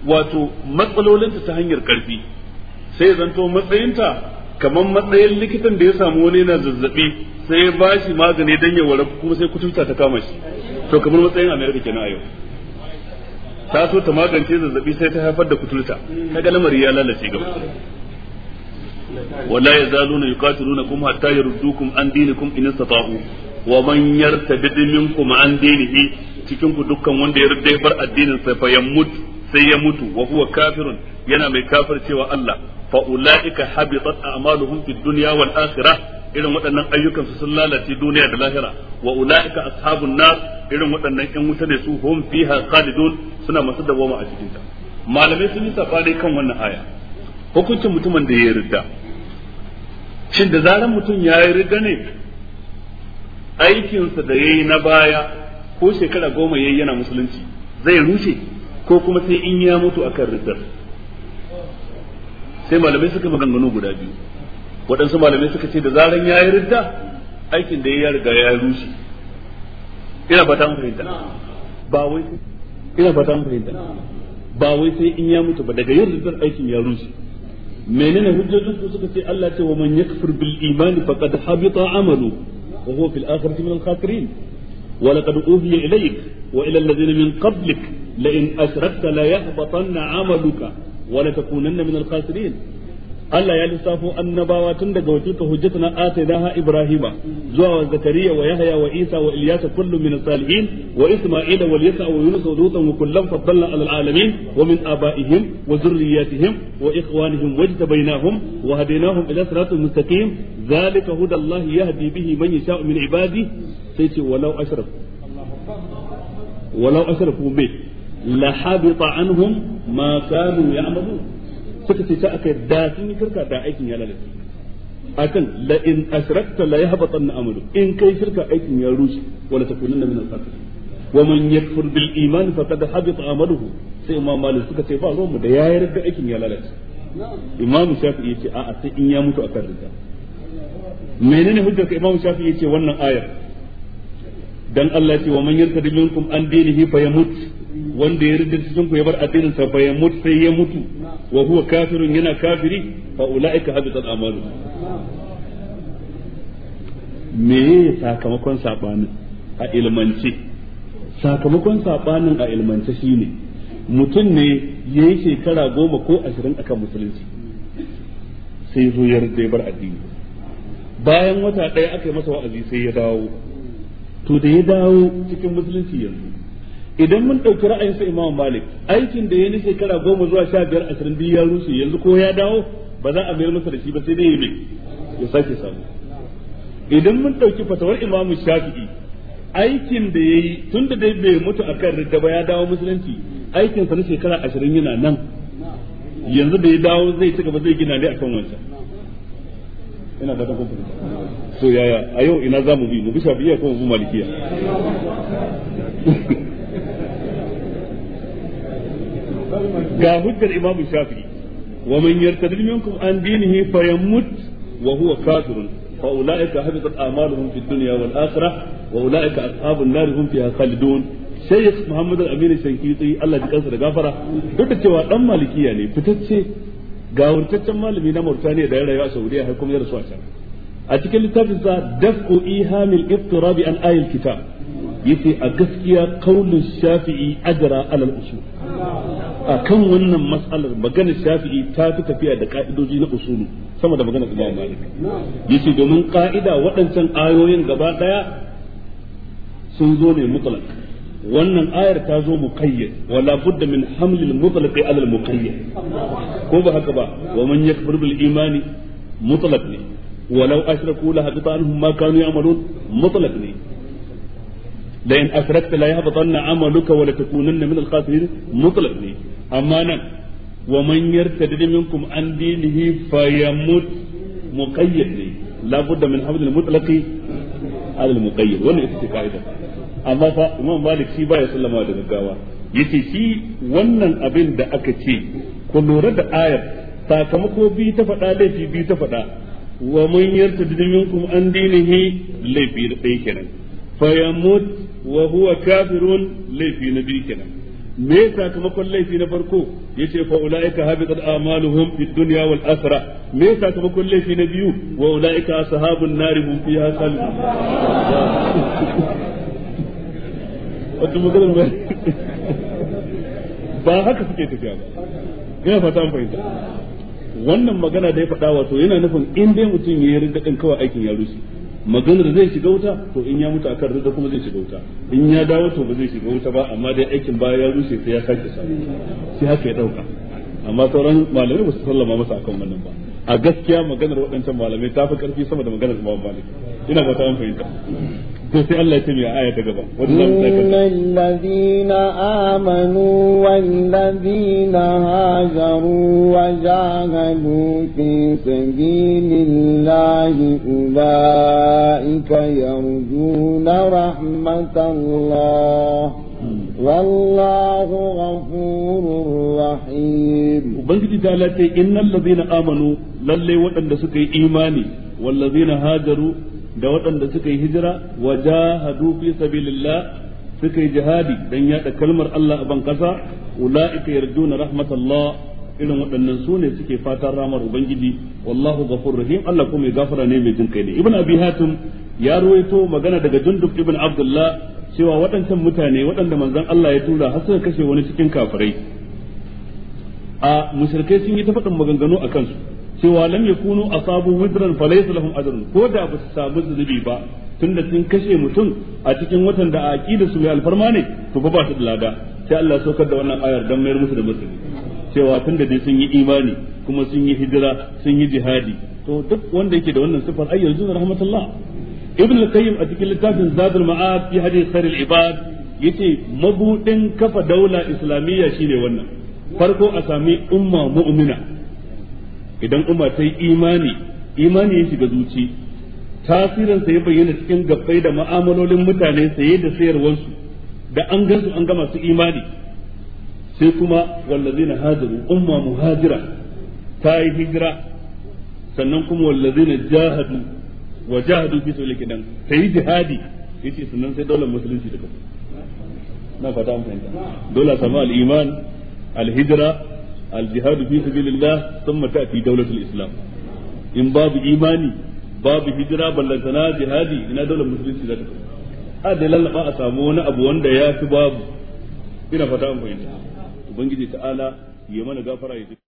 wato matsalolinta ta hanyar karfi sai zanto matsayinta kamar matsayin likitan da ya samu wani yana zazzabi sai ya ba shi magani don ya warar kuma sai kututa ta kama shi to kamar matsayin amerika kenan a yau ta so ta magance zazzabi sai ta haifar da kututa ta ga lamari ya lalace gaba ولا يزالون يقاتلونكم حتى يردوكم عن دينكم إن استطاعوا ومن يرتد منكم عن دينه cikin dukkan wanda ya rudda bar addinin sa fa yamut sai ya mutu wa huwa kafirun yana mai kafir cewa Allah fa ulaika habitat a'maluhum fid dunya wal akhirah irin waɗannan ayyukan su sun lalace duniya da lahira wa ulaika ashabun nar irin waɗannan yan wuta ne su hum fiha khalidun suna masu dawama a cikin ta malamai sun yi safari kan wannan aya hukuncin mutumin da ya ridda shin da zaran mutum ya yi ridda ne aikinsa da ya yi na baya ko shekara goma ya yi yana musulunci zai rushe ko kuma sai in ya mutu akan riddar sai malamai suka maganganu guda biyu waɗansu malamai suka ce da zaran ya yi ridda aikin da ya riga ya rushe ina ba ta fahimta ba wai ina ba ta fahimta ba wai sai in ya mutu ba daga yin riddar aikin ya rushe menene hujjojin su suka ce Allah ce wa man yakfur bil imani faqad habita amalu wa huwa fil akhirati min al khasirin wa laqad uhiya ilayk wa ila alladhina min qablik la in ashrakta la yahbatanna amaluka wa la takunanna min al khasirin Allah ya lissafo annabawa tun daga wakilka hujjatuna ha ibrahima zuwa wa zakariya wa yahya wa isa wa ilyasa kullum min salihin wa isma'ila wa yasa wa yunus wa lutan wa kullam faddalna ala alamin wa min abaihim wa zurriyatihim wa ikhwanihim wajtabainahum wa hadainahum ila siratin mustaqim zalika hudallahi yahdi bihi man yasha'u min ibadi sai ce walau ashraf walau ashrafu bi la anhum ma kanu ya'malun suka ce sai aka da sun yi shirka da aikin ya lalace akan la in ashrakta la yahbatanna amalu in kai shirka aikin ya rushe wala takunanna min al-khasirin wa man yakfur bil iman fa faqad habita amaluhu sai imam malik suka ce ba ruwan mu da yayar da aikin ya lalace imam shafi'i yace a'a sai in ya mutu akan ridda menene hujjar ka imam shafi'i yace wannan ayar dan Allah ce wa man yartadi minkum an dinihi fa yamut wanda ya ridda cikin ku ya bar addinin sa fa ya mutu sai ya mutu wa huwa kafirun yana kafiri fa ulaika habitat amalu me sakamakon sabanin a ilmance sakamakon sabanin a ilmance shine mutum ne yayi shekara goma ko ashirin akan musulunci sai zo ya ridda ya bar addini bayan wata ɗaya aka yi masa wa'azi sai ya dawo to da ya dawo cikin musulunci yanzu idan mun ɗauki ra'ayinsa imam malik aikin da ya ni shekara goma zuwa sha biyar ashirin biyu ya rushe yanzu ko ya dawo ba za a mayar masa da shi ba sai dai ya ya sake samu idan mun ɗauki fatawar imam shafi'i aikin da ya yi tun da dai bai mutu a kan da ba ya dawo musulunci aikinsa na shekara ashirin yana nan yanzu da ya dawo zai ci gaba zai gina ne akan wancan ina da kun so yaya a yau ina za mu bi mu bi shafi'i ko mu bi malikiya ga hujjar imamu shafi'i wa man yartadid minkum an dinihi fayamut wa huwa kafirun fa ulaika habitat a'maluhum fid Allah kansa da gafara duk da cewa dan ne fitacce ga wurtaccen na Mauritania da a Saudiya har kuma ya rasu a cikin littafin yace a gaskiya shafi'i a kan wannan matsalar magana shafi'i ta fi tafiya da ka'idoji na usulu sama da magana imam malik yace domin ka'ida waɗancan ayoyin gaba daya sun zo ne mutlaq wannan ayar ta zo muqayyad wala budda min hamlil mutlaqi ala al muqayyad ko ba haka ba wa man yakfur bil imani mutlaq ne walau ashraku la habita anhum ma kanu ya'malun mutlaq ne la in ashrakta la yahbatanna amaluka wa la takunanna min al khasirin mutlaq ne amma nan wa man yartadid minkum an dinihi muqayyad ne min mutlaqi al muqayyad wannan ita ce kaida amma fa imam malik shi baya sallama da gaggawa yace shi wannan abin da aka ce ku lura da ayar sakamako bi ta faɗa laifi bi ta faɗa wa minkum an dinihi laifi da ɗaya kenan wa huwa kafirun laifi na biyu kenan me sakamakon laifi na farko yace fa ulaika habitat a'maluhum fid dunya wal akhirah me sakamakon laifi na biyu wa ulaika ashabun nar hum fiha khalidun wato ba ba haka suke tafiya ba ina fata an fahimta wannan magana da ya faɗa wato yana nufin in dai mutum ya yi rinda kawai aikin ya rushe maganar zai shiga wuta to in ya mutu akan rida kuma zai shiga wuta in ya dawo to ba zai shiga wuta ba amma dai aikin baya ya rushe sai ya sake sa sai haka ya dauka amma sauran malamai ba su sallama masa akan wannan ba a gaskiya maganar waɗancan malamai ta fi ƙarfi sama da maganar Imam Malik ina ba ta fahimta إن الذين آمنوا والذين هاجروا وجاهدوا في سبيل الله أولئك يرجون رحمة الله والله غفور رحيم وبنجد تعالى إن الذين آمنوا للي وأن سكي إيماني والذين هاجروا da waɗanda suka yi hijira wa jahadu fi sabilillah suka yi jihadi dan yada kalmar Allah a ban kasa ulaika yarjuna rahmatallah irin waɗannan su ne suke fatan ramar ubangiji wallahu ghafur rahim Allah kuma ya gafara ne mai jin ne ibn abi hatim ya ruwaito magana daga jundub ibn abdullah cewa waɗancan mutane waɗanda manzon Allah ya tura har suka kashe wani cikin kafirai a mushrikai sun yi ta faɗin maganganu a kansu cewa lam yakunu asabu wizran falaysa lahum ajrun ko da ba su samu zunubi ba tunda sun kashe mutum a cikin watan da aqida su mai alfarma ne to fa ba su da lada sai Allah saukar da wannan ayar dan mayar musu da musulmi cewa tunda dai sun yi imani kuma sun yi hijira sun yi jihadi to duk wanda yake da wannan sifar ai yanzu rahmatullah ibn al-qayyim a cikin littafin zadul ma'ad fi hadith khair al-ibad yace mabudin kafa daula islamiyya shine wannan farko a sami umma mu'mina idan umar ta yi imani imani ya shiga zuci tasirin sa ya bayyana cikin gabbai da ma'amalolin mutane saye da sayarwansu da an gansu an gama su imani sai kuma wallazina hajaru umma muhajira ta yi hijira sannan kuma wallazina jahadu wa jahadu fi sabilillah dan ta yi jihadi yace sannan sai daular musulunci da kafa na fata an fahimta dole sama al-iman al-hijra al-jihad fi sabilillah thumma ta'ti dawlatul islam in babu imani babu hijira ballantana jihadi ina daular musulunci za ta a da lallaba a samu wani abu wanda ya fi babu ina fata an fahimta ubangiji ta'ala ya mana gafara ya